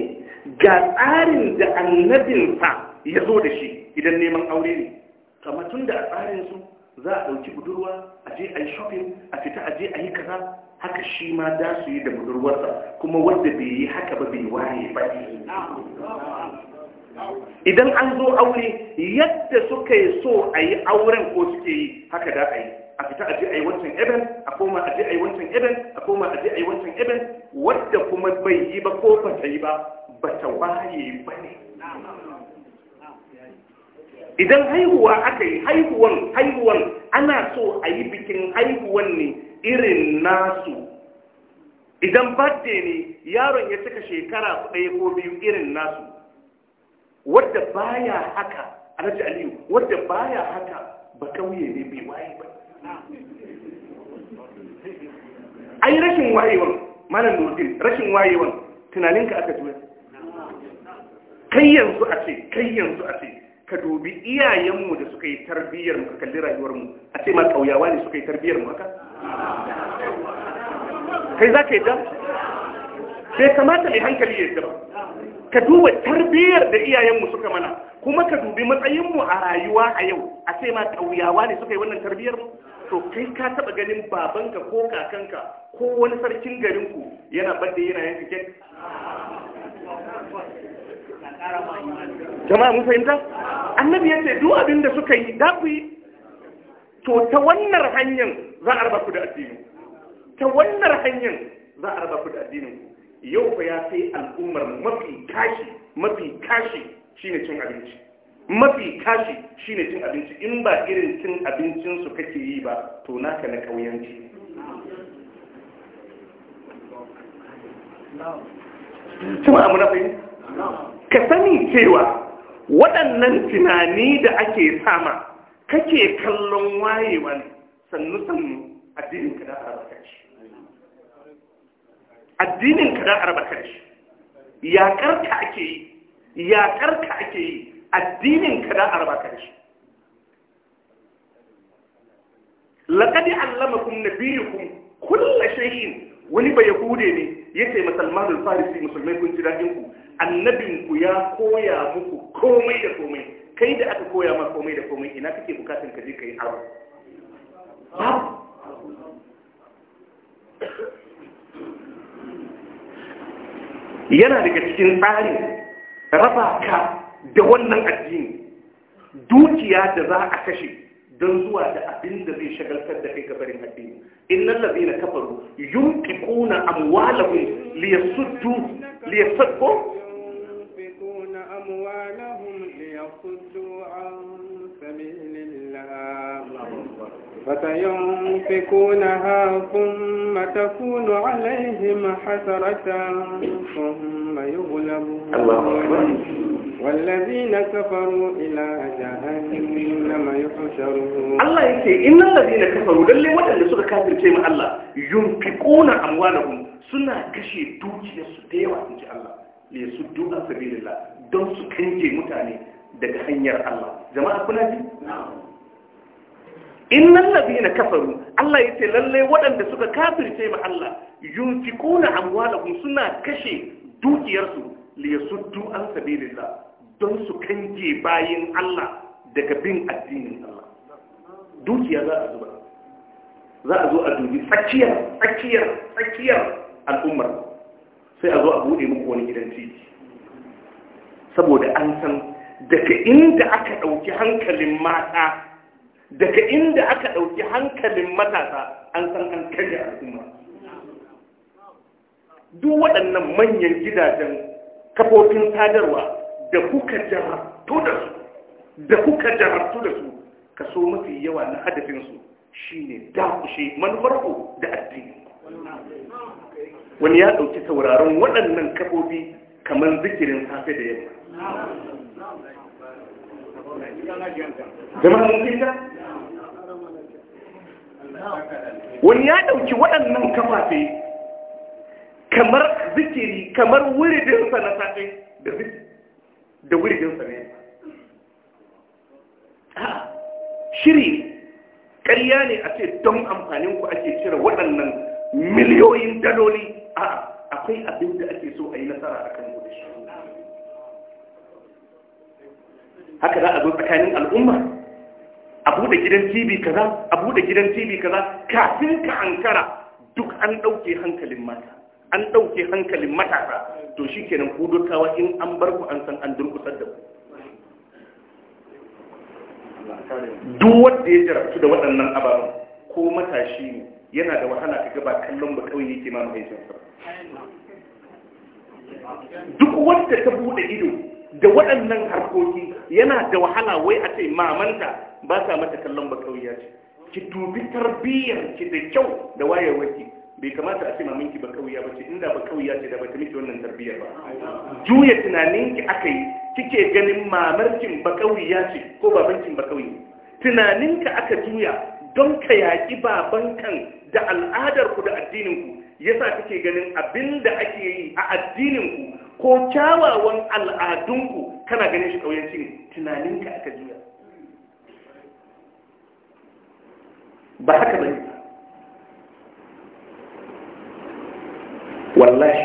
ga tsarin da annabinsa ya zo da shi idan neman aure ne kama tun da a su za a ɗauki budurwa a je a yi shopping a fita a je a yi kaza haka shi ma da su yi da budurwarsa kuma wanda bai yi haka ba bai waye ba idan an zo aure yadda suka yi so a yi auren ko suke yi haka da a yi a fita a je a yi wancan eben a koma a je a yi wancan eben a koma a je a yi wancan eben wadda kuma bai yi ba ko ba ta yi ba ba ta waye ba ne idan haihuwa aka yi haihuwan haihuwan ana so a yi bikin haihuwan ne irin nasu idan birthday ne yaron ya cika shekara ɗaya ko biyu irin nasu wadda baya haka alhaji aliyu wadda baya haka ba kauye ne bai waye ba ai rashin wayewan malam nurdin rashin wayewan tunaninka aka juya kai yanzu a ce kai yanzu a ce ka dubi iyayenmu da suka yi tarbiyyar mu ka kalli rayuwarmu a ce ma ƙauyawa ne suka yi tarbiyyar mu haka kai za ka yi dan bai kamata mai hankali ya ba ka duba tarbiyyar da iyayenmu suka mana kuma ka dubi matsayinmu a rayuwa a yau a ce ma ƙauyawa ne suka yi wannan tarbiyyar mu to kai ka taɓa ganin babanka ko kakanka ko wani sarkin garinku yana badda yana yanka ke? jama'a mun fahimta annabi ya duk abin da suka yi da ku yi to ta wannan hanyar za a raba ku da addini ta wannan hanyar za a raba ku da addinin yau fa ya sai al'ummar mafi kashi mafi kashi shine cin abinci mafi kashi shine cin abinci in ba irin cin abincinsu kake yi ba to naka na ƙauyanci cin abu na fahimta ka sani cewa waɗannan tunani da ake sama kake kallon wayewa ne sannu-sannu addinin ka da arabaka addinin ka da arabaka yaƙar ka ake yi Ya karka ake yi addinin ka da arba ka da shi laƙadi allamakum nabiyukum kulla shay'in wani bai yahude ne yace ce musulman farisi musulmai kun ji daɗin ku annabin ku ya koya muku komai da komai kai da aka koya ma komai da komai ina kake bukatun ka je kai aro yana daga cikin tsarin raba ka da wannan addini dukiya da za a kashe don zuwa da abin da zai shagaltar da kai gabarin addini innal ladina kafaru yunfiquna amwalahum liyasuddu liyasaddu فسينفكونها ثم تكون عليهم حسرة ثم يغلبون والذين كفروا إلى جهنم يحشرون الله يكي إن الذين كفروا للي ودن لسوء كافر تيم الله ينفقون أموالهم سنة كشي دوكي يسديوا إن شاء الله ليسدوا عن سبيل الله دون سكنجي متاني daga hanyar Allah jama'a kuna ji na'am innan na kafaru Allah ya ce lallai waɗanda suka kafirce ma Allah yunfikuna amwalahum suna kashe dukiyarsu li yasuddu an sabilillah don su kange bayan Allah daga bin addinin Allah dukiya za a zuba za a zo a dubi tsakiyar tsakiyar tsakiyar al'ummar sai a zo a buɗe muku wani gidan titi saboda an san daga inda aka ɗauki hankalin mata daga inda aka ɗauki hankalin matasa an san an karya al'umma duk waɗannan manyan gidajen kafofin sadarwa da kuka jarabtu da su da kuka jarabtu da su kaso mafi yawa na hadafinsu shi ne dakushe manufarku da addini wani ya ɗauki sauraron waɗannan kafofi kamar zikirin safe da yamma lafiya wani ya ɗauki waɗannan kafafe kamar zikiri kamar wuridinsa na safe da da wuridinsa ne shiri ƙarya ne a ce don amfanin ku ake cire waɗannan miliyoyin daloli a akwai abin da ake so a yi nasara a kan haka za a zo tsakanin al'umma a buɗe gidan tv kaza a buɗe gidan tv kaza kafin ka ankara duk an ɗauke hankalin mata an ɗauke hankalin matasa to shi kenan ku dokawa in an bar ku an san an durkusar da ku duk wanda ya jarabtu da waɗannan ababen ko matashi ne yana da wahala ka gaba kallon ba kawai yake ma mahaifinsa duk wanda ta buɗe ido da waɗannan harkoki yana da wahala wai a ce mamanta ba sa mata kallon ba kauya ce ki dubi tarbiyyar ki da kyau da wayewar ki bai kamata a ce maminki ba kauya ba ce inda ba kauya ce da ba ta miki wannan tarbiyyar ba juya tunaninki aka yi kike ganin mamarkin ba kauya ce ko babankin ba kauye tunaninka aka juya don ka yaƙi baban kan da al'adarku da addininku yasa kike ganin abin da ake yi a addininku ko kyawawan al'adunku kana ganin shi ƙauyenci ne tunaninka aka juya ba haka ba ne wallahi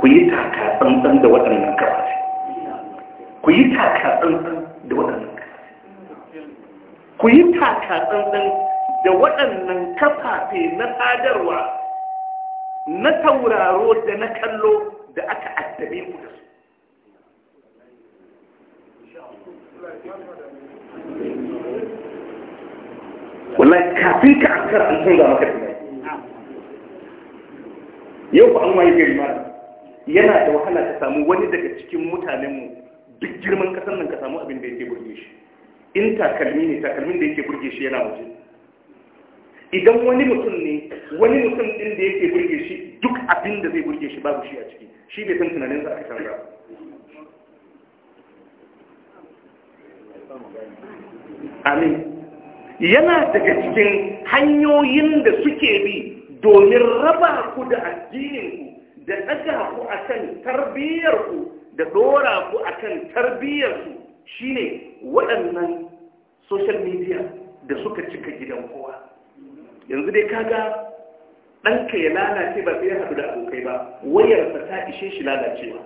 ku yi taka tsantsan da waɗannan kafafi ku yi taka tsantsan da waɗannan ku yi taka tsantsan da waɗannan kafafe na sadarwa na tauraro da na kallo da aka addabe ku da su wallahi kafin ka kara an canza maka tunai. yau ba an waye gari mara yana da wahala ka samu wani daga cikin mutanenmu duk girman kasar nan ka samu abin da yake burge shi in takalmi ne takalmin da yake burge shi yana waje idan wani mutum ne wani mutum ɗin da yake burge shi duk abin da zai burge shi babu shi a ciki shi ne san tunanin za a canza. amin yana daga cikin hanyoyin da suke bi domin raba ku da addininku da daga ku a kan tarbiyyarku da ɗora ku a kan tarbiyyarsu shi ne waɗannan social media da suka cika gidan kowa yanzu dai kaga ɗanka ya lalace ba sai ya haɗu da abokai ba wayarsa ta ishe shi lalacewa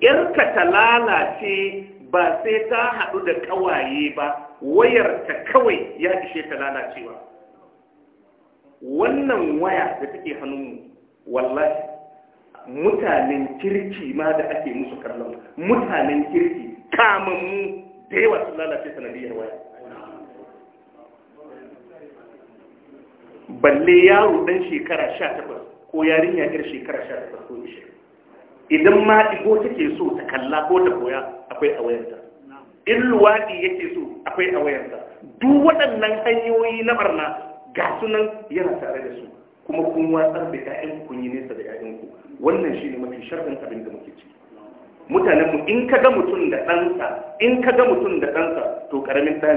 yarka ta lalace ba sai ta haɗu da ƙawaye ba wayar ta kawai ya ishe ta lalacewa wannan waya da take hannunmu wallahi mutanen kirki ma da ake musu kallon mutanen kirki kamammu da yawa sun lalace sanadiyar waya balle yaro dan shekara sha ko yarinya yar shekara sha ko ishe idan ma ɗigo take so ta kalla ko ta koya akwai a wayarta in luwaɗi yake so akwai a wayarta duk waɗannan hanyoyi na barna ga sunan yana tare da su kuma kun watsar da ƴaƴan kun yi nesa da ƴaƴan ku wannan shine mafi sharɗin abin da muke ciki mutanen mu in kaga mutum da ɗansa in kaga mutum da ɗansa to karamin ɗa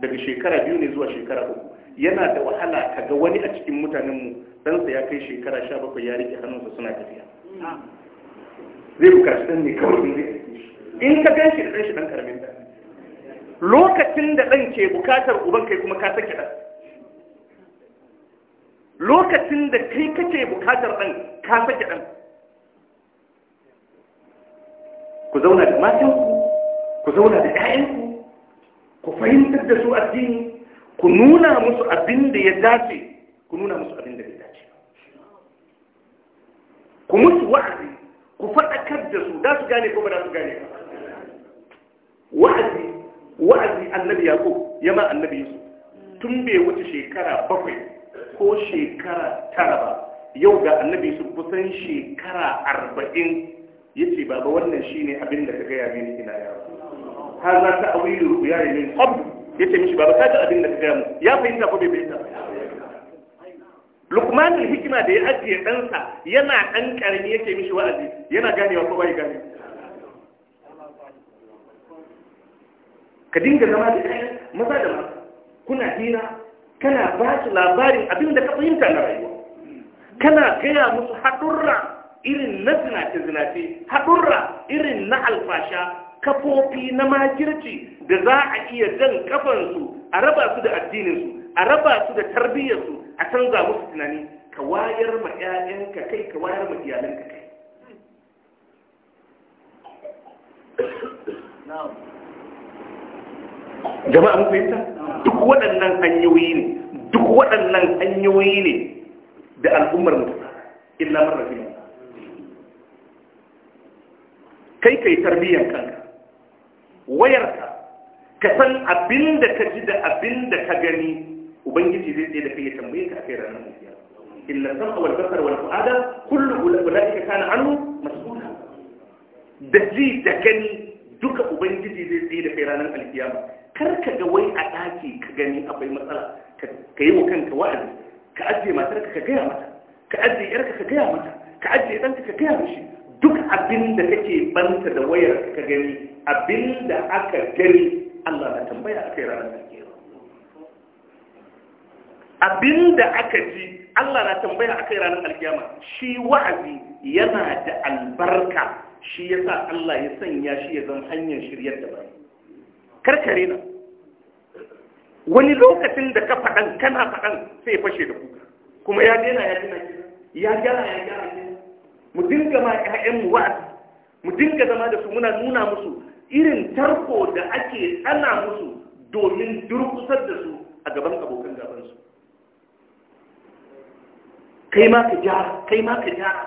daga shekara biyu ne zuwa shekara uku yana da wahala kaga wani a cikin mutanenmu ɗansa ya kai shekara sha bakwai ya rike hannunsa suna tafiya zai bukaci ɗan ne kawai in zai in ka gan shi da ɗan shi ɗan karamin ɗan lokacin da ɗan ke bukatar uban kai kuma ka sake ɗan lokacin da kai kake bukatar ɗan ka sake ɗan ku zauna da matanku ku zauna da 'ya'yanku ku fahimtar da su addini ku nuna musu abin da ya dace ku nuna musu abin da ya dace ku musu wa'azi ku faɗakar da su da su gane ko ba da su gane ba wa'azi wa'azi annabi yaƙo ya ma annabi su tun bai wuce shekara bakwai ko shekara tara ba yau ga annabi su kusan shekara arba'in ya ce baba wannan shi ne abin da ka gaya mini ina yawa har za ta awilu ya yi min ya ce mishi baba kaji abin da ka gaya mu ya fahimta ko bai fahimta lukmanul hikima da ya ajiye ɗansa yana ɗan ƙarami yake mishi wa'azi yana ganewa ko bai gane ka dinga zama da ɗaya maza da mata kuna hira kana ba su labarin abin da ka fahimta na rayuwa kana gaya musu haɗurra irin na zinace-zinace haɗurra irin na alfasha kafofi na makirci da za a iya jan kafansu a raba su da addininsu a raba su da tarbiyyarsu a canza musu tunani ka wayar ma 'ya'yanka kai ka wayar ma iyalanka kai jama'a mun fahimta duk waɗannan hanyoyi ne duk waɗannan hanyoyi ne da al'ummar mu illa marrafin kai kai tarbiyyar kanka wayarka ka san abin da ka ji da abin da ka gani ubangiji zai tsaye da kai ya tambaye ka akai ranar mutuwa illa sam'a wal basar wal kullum kullu ulaika kana hannu masu da ji da gani duka ubangiji zai tsaye da kai ranar alkiyama kar ka ga wai a daki ka gani akwai matsala ka yi wa kanka wa'azi ka ajiye matarka ka gaya mata ka ajiye yarka ka gaya mata ka ajiye ɗanka ka gaya mashi. abin da kake banta da wayar ka gani abin da aka gani Allah na tambaya a kai ranar alkiyama abin da aka ji Allah na tambaya a kai ranar alkiyama shi wa'azi yana da albarka shi ya sa Allah ya sanya shi ya zan hanyar shiryar da bai karkare na wani lokacin da ka faɗan kana faɗan sai fashe da kuka kuma ya daina ya gina ya gyara ya gyara mu dinga ma ƴaƴanmu wa'azi mu dinga zama da su muna nuna musu irin tarko da ake tsana musu domin durkusar da su a gaban abokan gabansu kai ma ka gyara kai ma ka gyara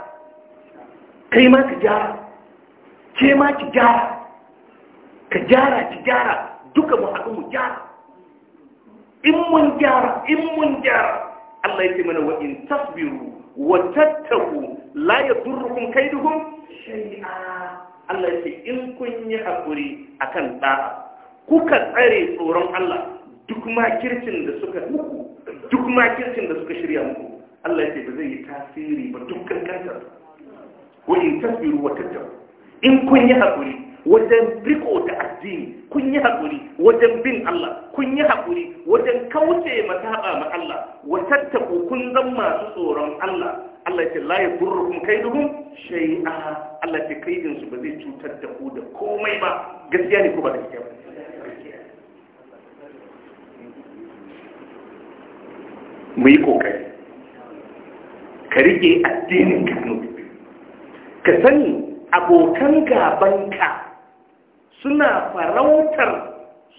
kai ma ka gyara ke ma ki gyara ka gyara ki gyara duka mu haɗu mu gyara in mun gyara in mun gyara Allah ya ce mana wa in tasbiru watattaku la ya durrukun kai shay'a Allah ya ce in kun yi hakuri kan ɗa’a kuka tsare tsoron Allah duk makircin da suka muku duk makircin da suka shirya muku Allah ya ce ba zai yi tasiri ba dukkan kantar wa in tasbiru watattaku. in kun yi hakuri wajen riko da addini kun yi haƙuri wajen bin Allah kun yi haƙuri wajen kauce masaba ma Allah wata tattaku kun zan masu tsoron Allah Allah ce kai yadurrukum sha'i a Allah ce kaidin su ba zai cutar da ku da komai ba gaskiya ne ko ba gaskiya ba mu yi kokari ka rike addinin ka ka sani abokan gabanka suna farautar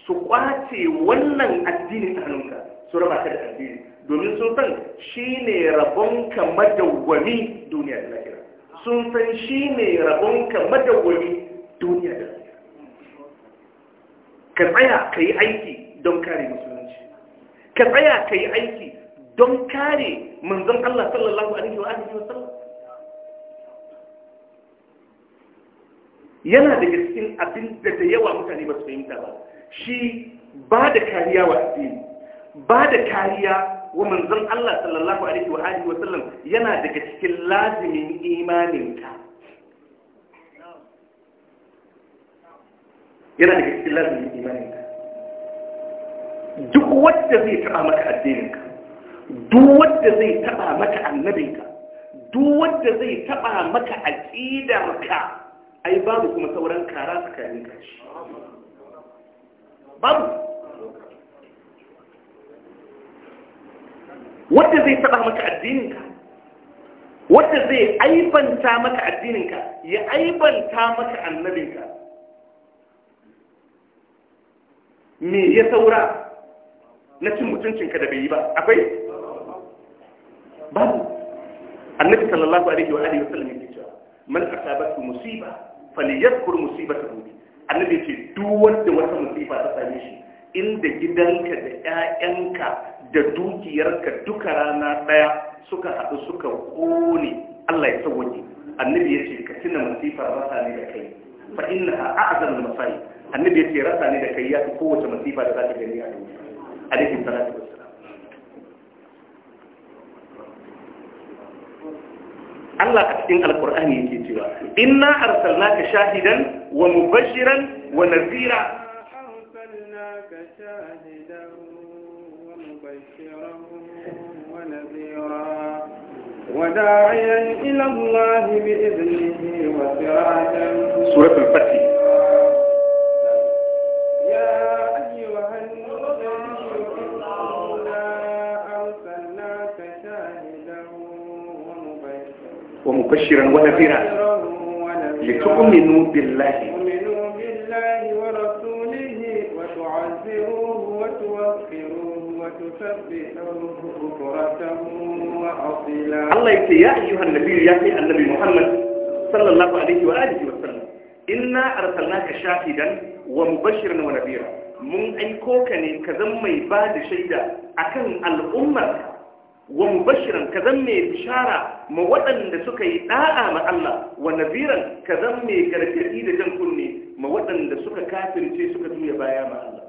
su kwace wannan addini ta hannunka su raba ka da addini domin sun san shi ne rabonka madawwami duniya da lahira sun san shi ne rabonka madawwami duniya da lahira ka tsaya ka yi aiki don kare musulunci ka tsaya ka yi aiki don kare manzon Allah sallallahu alaihi wa alihi wa sallam yana daga cikin abin da da yawa mutane ba su fahimta ba shi ba da kariya wa addini ba da kariya wa manzon Allah sallallahu alaihi wa alihi wa sallam yana daga cikin lazimin imaninka yana daga cikin lazimin imaninka duk wanda zai taba maka addininka duk wanda zai taba maka annabinka duk wanda zai taba maka aqidarka ai babu kuma sauran kara tsakanin kashi babu wadda zai taba maka addininka wadda zai aibanta maka addininka ya aibanta maka annabinka me ya saura na cin mutuncinka da bai yi ba akwai babu annabi sallallahu alaihi wa alihi wasallam yake cewa man asabatu musiba falyadkur musibatahu annabi ce duwar wanda wata musifa ta same shi inda gidanka da 'ya'yanka da dukiyarka duka rana ɗaya suka haɗu suka ƙone Allah ya sauwaje annabi ya ce ka tuna masifar rasa ne da kai fa inna ha da masai annabi ya ce rasa ne da kai ya fi kowace musifa da za ta gani a duniya alaihi salatu wasu Allah a cikin alkur'ani yake cewa inna arsalnaka shahidan wa mubashiran wa nazira وداعيا إلى الله بإذنه وسراجا مبشرا ونذيرا لتؤمنوا بالله ورسوله وتعزروه وتوقروه وتسبحوه بكرة وأصيلا الله يقول يا أيها النبي يا أيها النبي محمد صلى الله عليه وآله وسلم إنا أرسلناك شاهدا ومبشرا ونذيرا mun aiko ka ne ka zan mai ba da shaida akan al'ummar wa mubashiran ka zan mai bishara ma waɗanda suka yi ɗa'a ma Allah wa naziran ka zan mai gargaɗi da jan kunne ma waɗanda suka kafirce suka juya baya ma Allah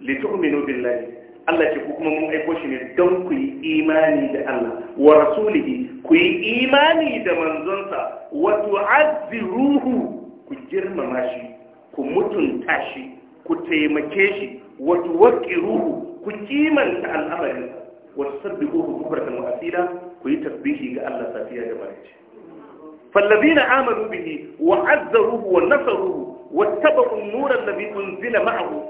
litu'minu billahi Allah ce ku kuma mun aiko shi ne don ku yi imani da Allah wa rasulihi ku yi imani da manzonsa wa ruhu, ku girmama shi ku mutunta shi ku taimake shi wa ruhu, ku kimanta al'amarinsa وسبحوه بكرة وأسيلة ويتسبيه قال الله ساتيا جمالك فالذين آمنوا به وعذروه ونصروه واتبعوا النور الذي أنزل معه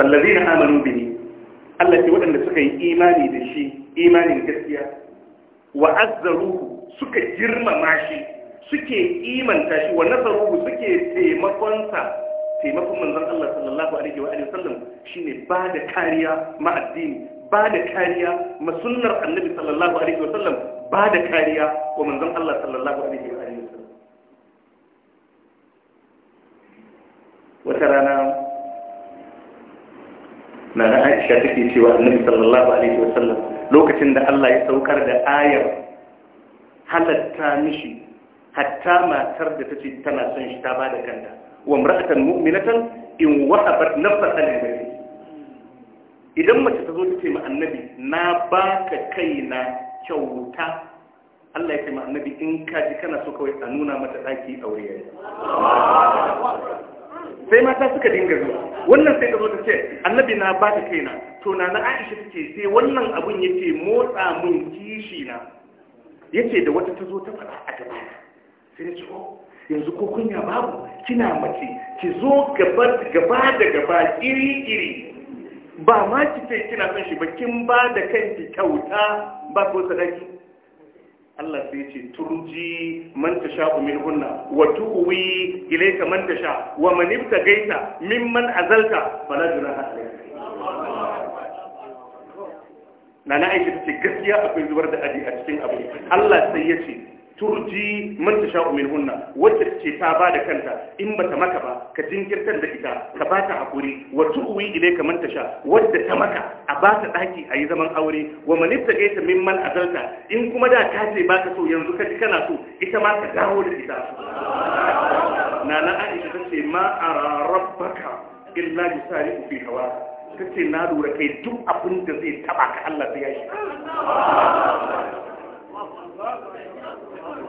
الذين آمنوا به الذي وأن سكي إيماني بالشيء إيماني بالكسية وعذروه suka girmama shi suke imanta shi wa nasaruhu suke taimakonsa taimakon manzon Allah sallallahu alaihi wa alihi sallam shine ba da kariya ma addini ba da kariya ma sunnar annabi sallallahu alaihi sallam ba da kariya wa manzon Allah sallallahu alaihi wa alihi wata rana na na aisha take cewa annabi sallallahu alaihi wa Sallam lokacin da Allah ya saukar da ayar halatta mishi hatta matar da ta ce tana son shi ta ba da kanta wa mar'atan mu'minatan in wahabat nafsaha lil idan mace ta zo ta ce ma annabi na baka kaina kyauta Allah ya ce ma annabi in ka ji kana so kawai a nuna mata daki aure yayi sai mata suka dinga zuwa wannan sai ka zo ta ce annabi na baka kaina to na na Aisha take sai wannan abun yake motsa mun kishi na yace da wata ta zo ta faɗa a gaba sai ya ce o oh, yanzu ko kunya babu kina mace ki zo gaba da gaba iri iri ba ma ki ce kina son shi ba kin ba da kanki kyauta ba ko sadaki Allah sai ce turji man ta sha umin hunna wa tuwi ilaika man ta sha wa man gaita mimman azalta fala junaha Nana na ta ce gaskiya akwai zubar da aji a cikin abu Allah sai ya ce turji man ta sha'u min hunna wacce ce ta ba da kanta in ba ta maka ba ka jinkirtar da ita ka ba ta haƙuri wa tu'uwi ilai ka man ta sha wadda ta maka a ba ta ɗaki a yi zaman aure wa ta gaita mimman man azalta in kuma da ka ce ba ka so yanzu ka kana so ita ma ka dawo da ita nana aisha ta ce ma ara rabbaka illa bisari fi hawa ta ce na lura kai duk abin da zai taba ka Allah sai ya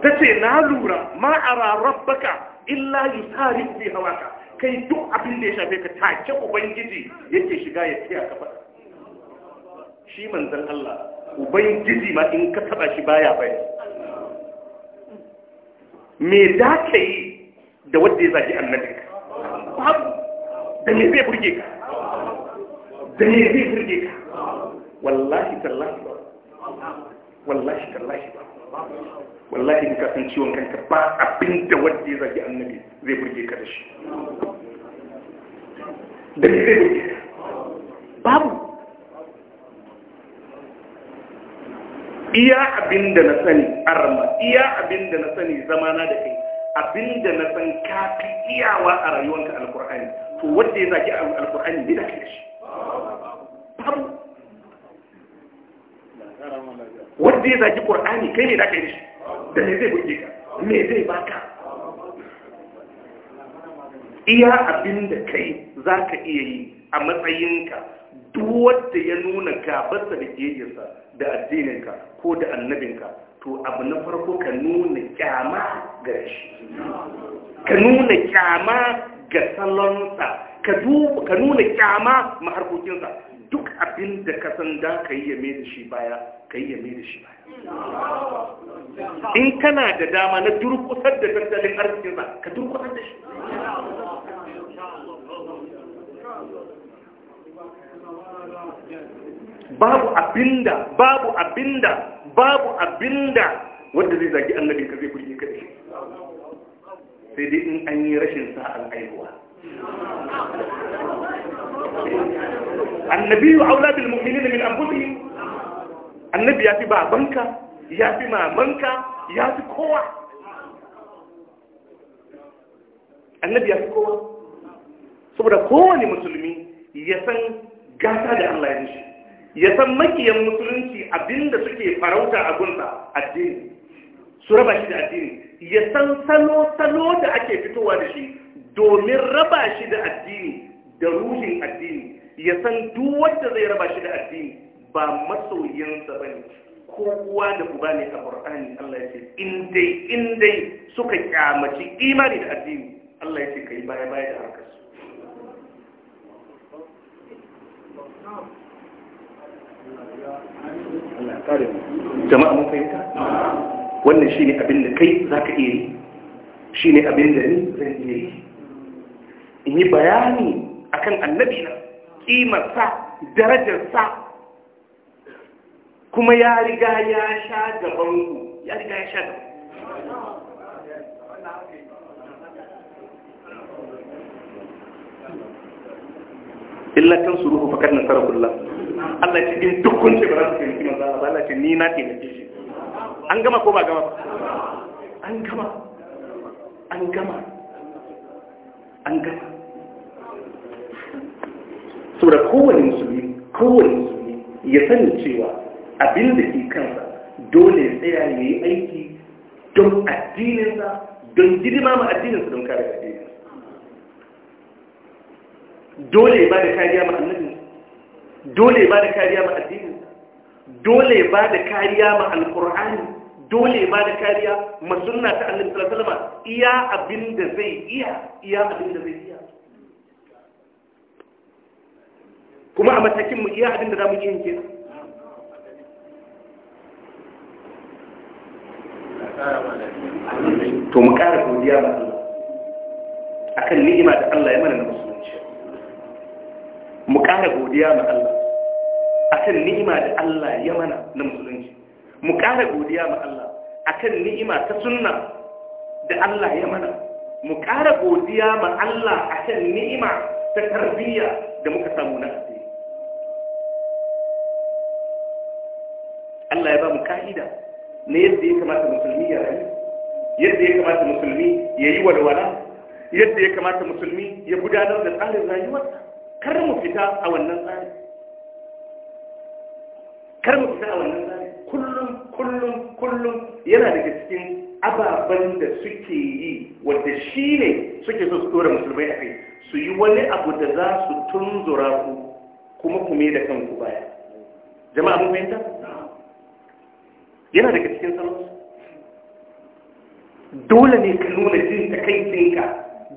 ta ce na lura ma ara rabbaka illa yusari bi ka kai duk abin da ya shafe ka take ubangiji yake shiga ya tsaya ka fada shi manzan Allah ubangiji ma in ka taba shi baya bai me da ka yi da wadda ya zagi annabinka babu da me zai burge ka da ne zai burge ka wallahi tallahi ba wallahi tallahi ba wallahi in ka san ciwon kanka ba abin da wadda ya zaki annabi zai burge ka da shi da ne zai burge ka babu iya abin da na sani arma iya abin da na sani zamana da kai abin da na san kafi iyawa a rayuwanka alkur'ani to wadda ya zaki alkur'ani ne da kai shi zai zaji zagi kai ne da shi da ne zai buge ka me zai baka iya abin da kai za ka iya yi a matsayinka duk wanda ya nuna gabarsa da ƙiyayarsa da addininka ko da annabinka to abu na farko ka nuna kyama ga shi ka nuna kyama ga salonsa ka nuna kyama maharkokinsa duk abin da ka san da ka yi yame da shi baya ka yi yame da shi baya in kana da dama na durkusar da tattalin arzikin ba ka durkusar da shi babu abinda babu abinda babu abinda wanda zai zagi annabi ka zai kurje ka sai dai in an yi rashin an aihuwa annabi wa aula bil mu'minina min anfusihim annabi ya fi babanka ya fi mamanka ya fi kowa annabi ya fi kowa saboda kowane musulmi ya san gasa da Allah ya nishi ya san makiyan musulunci abinda suke farauta a gunsa addini su raba shi da addini ya san salo-salo da ake fitowa da shi domin raba shi da addini da ruhin addini ya san duk wanda zai raba shi da addini ba masoyinsa ba ne kowa da uba ne a ƙur'ani Allah ya ce in dai suka kyamaci imani da addini Allah ya ce ka yi baya baya da harkar su jama'a mun fahimta wannan shi ne abin da kai za ka iya yi shi ne abin da ni zan iya yi in yi bayani akan annabi na ƙimarsa darajarsa kuma ya riga ya sha gabanku ya riga ya sha kan su ruhu fakar nasara kullum Allah ce in duk kun ce ba za su taimaki manzo Allah Allah ce ni na taimake shi an gama ko ba gama ba an gama an gama an gama saboda kowane musulmi kowane musulmi ya sani cewa abin da ke kansa dole tsaya ya yi aiki don addininsa don girma ma addininsa don kare addininsa dole ba da kariya ma annabinsa dole ba da kariya ma addininsa dole ba da kariya ma alkur'ani dole ba da kariya ma suna ta annabi sallallahu alaihi iya abin da zai iya iya abin da zai iya kuma a matakin mu iya abin da zamu iya kenan to mu ƙara godiya ba akan ni'ima da Allah ya mana na musulunci mu ƙara godiya ma Allah akan ni'ima da Allah ya mana na musulunci mu ƙara godiya ma Allah akan ni'ima ta sunna da Allah ya mana mu ƙara godiya ma Allah akan ni'ima ta tarbiyya da muka samu na asiri Allah ya ba mu ka'ida na yadda ya kamata musulmi ya rayu yadda ya kamata musulmi ya yi walwala yadda ya kamata musulmi ya gudanar da tsarin rayuwar kar mu fita a wannan tsari kar mu fita a wannan tsari kullum kullum kullum yana daga cikin ababen da suke yi wadda shine suke so su dora musulmai a kai su yi wani abu da za su tunzura ku kuma kume da kanku baya jama'a mun fahimta yana daga cikin talauci dole ne ka nuna jin ta kai tsinka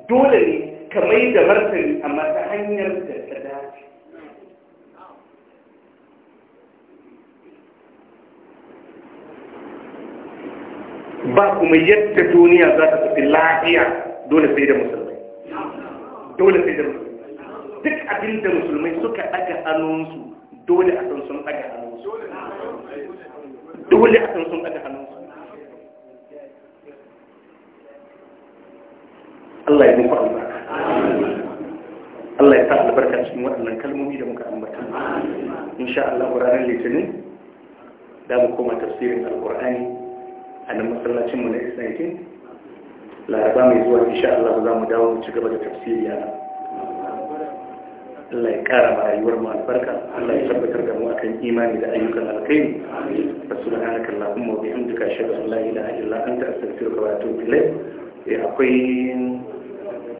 dole ne ka mai da martani amma ta hanyar da ta dace ba kuma yadda duniya za ta tafi lafiya dole sai da musulmai dole sai da musulmai duk abinda musulmai suka ɗaga hannunsu dole a san sun ɗaga hannunsu dole a san sun daga hannunsu Allah ya muku albarka Allah ya sa albarka cikin waɗannan kalmomi da muka ambata insha Allah ranar litinin da mu koma tafsirin alkur'ani a nan mu na 19 laraba mai zuwa insha Allah za mu dawo mu ci gaba da tafsiri yana Allah ya kara ma rayuwar mu albarka Allah ya tabbatar da mu akan imani da ayyukan alkhairi subhanaka allahumma wa bihamdika ashhadu an la ilaha illa anta astaghfiruka wa atubu ilayk eh, akwai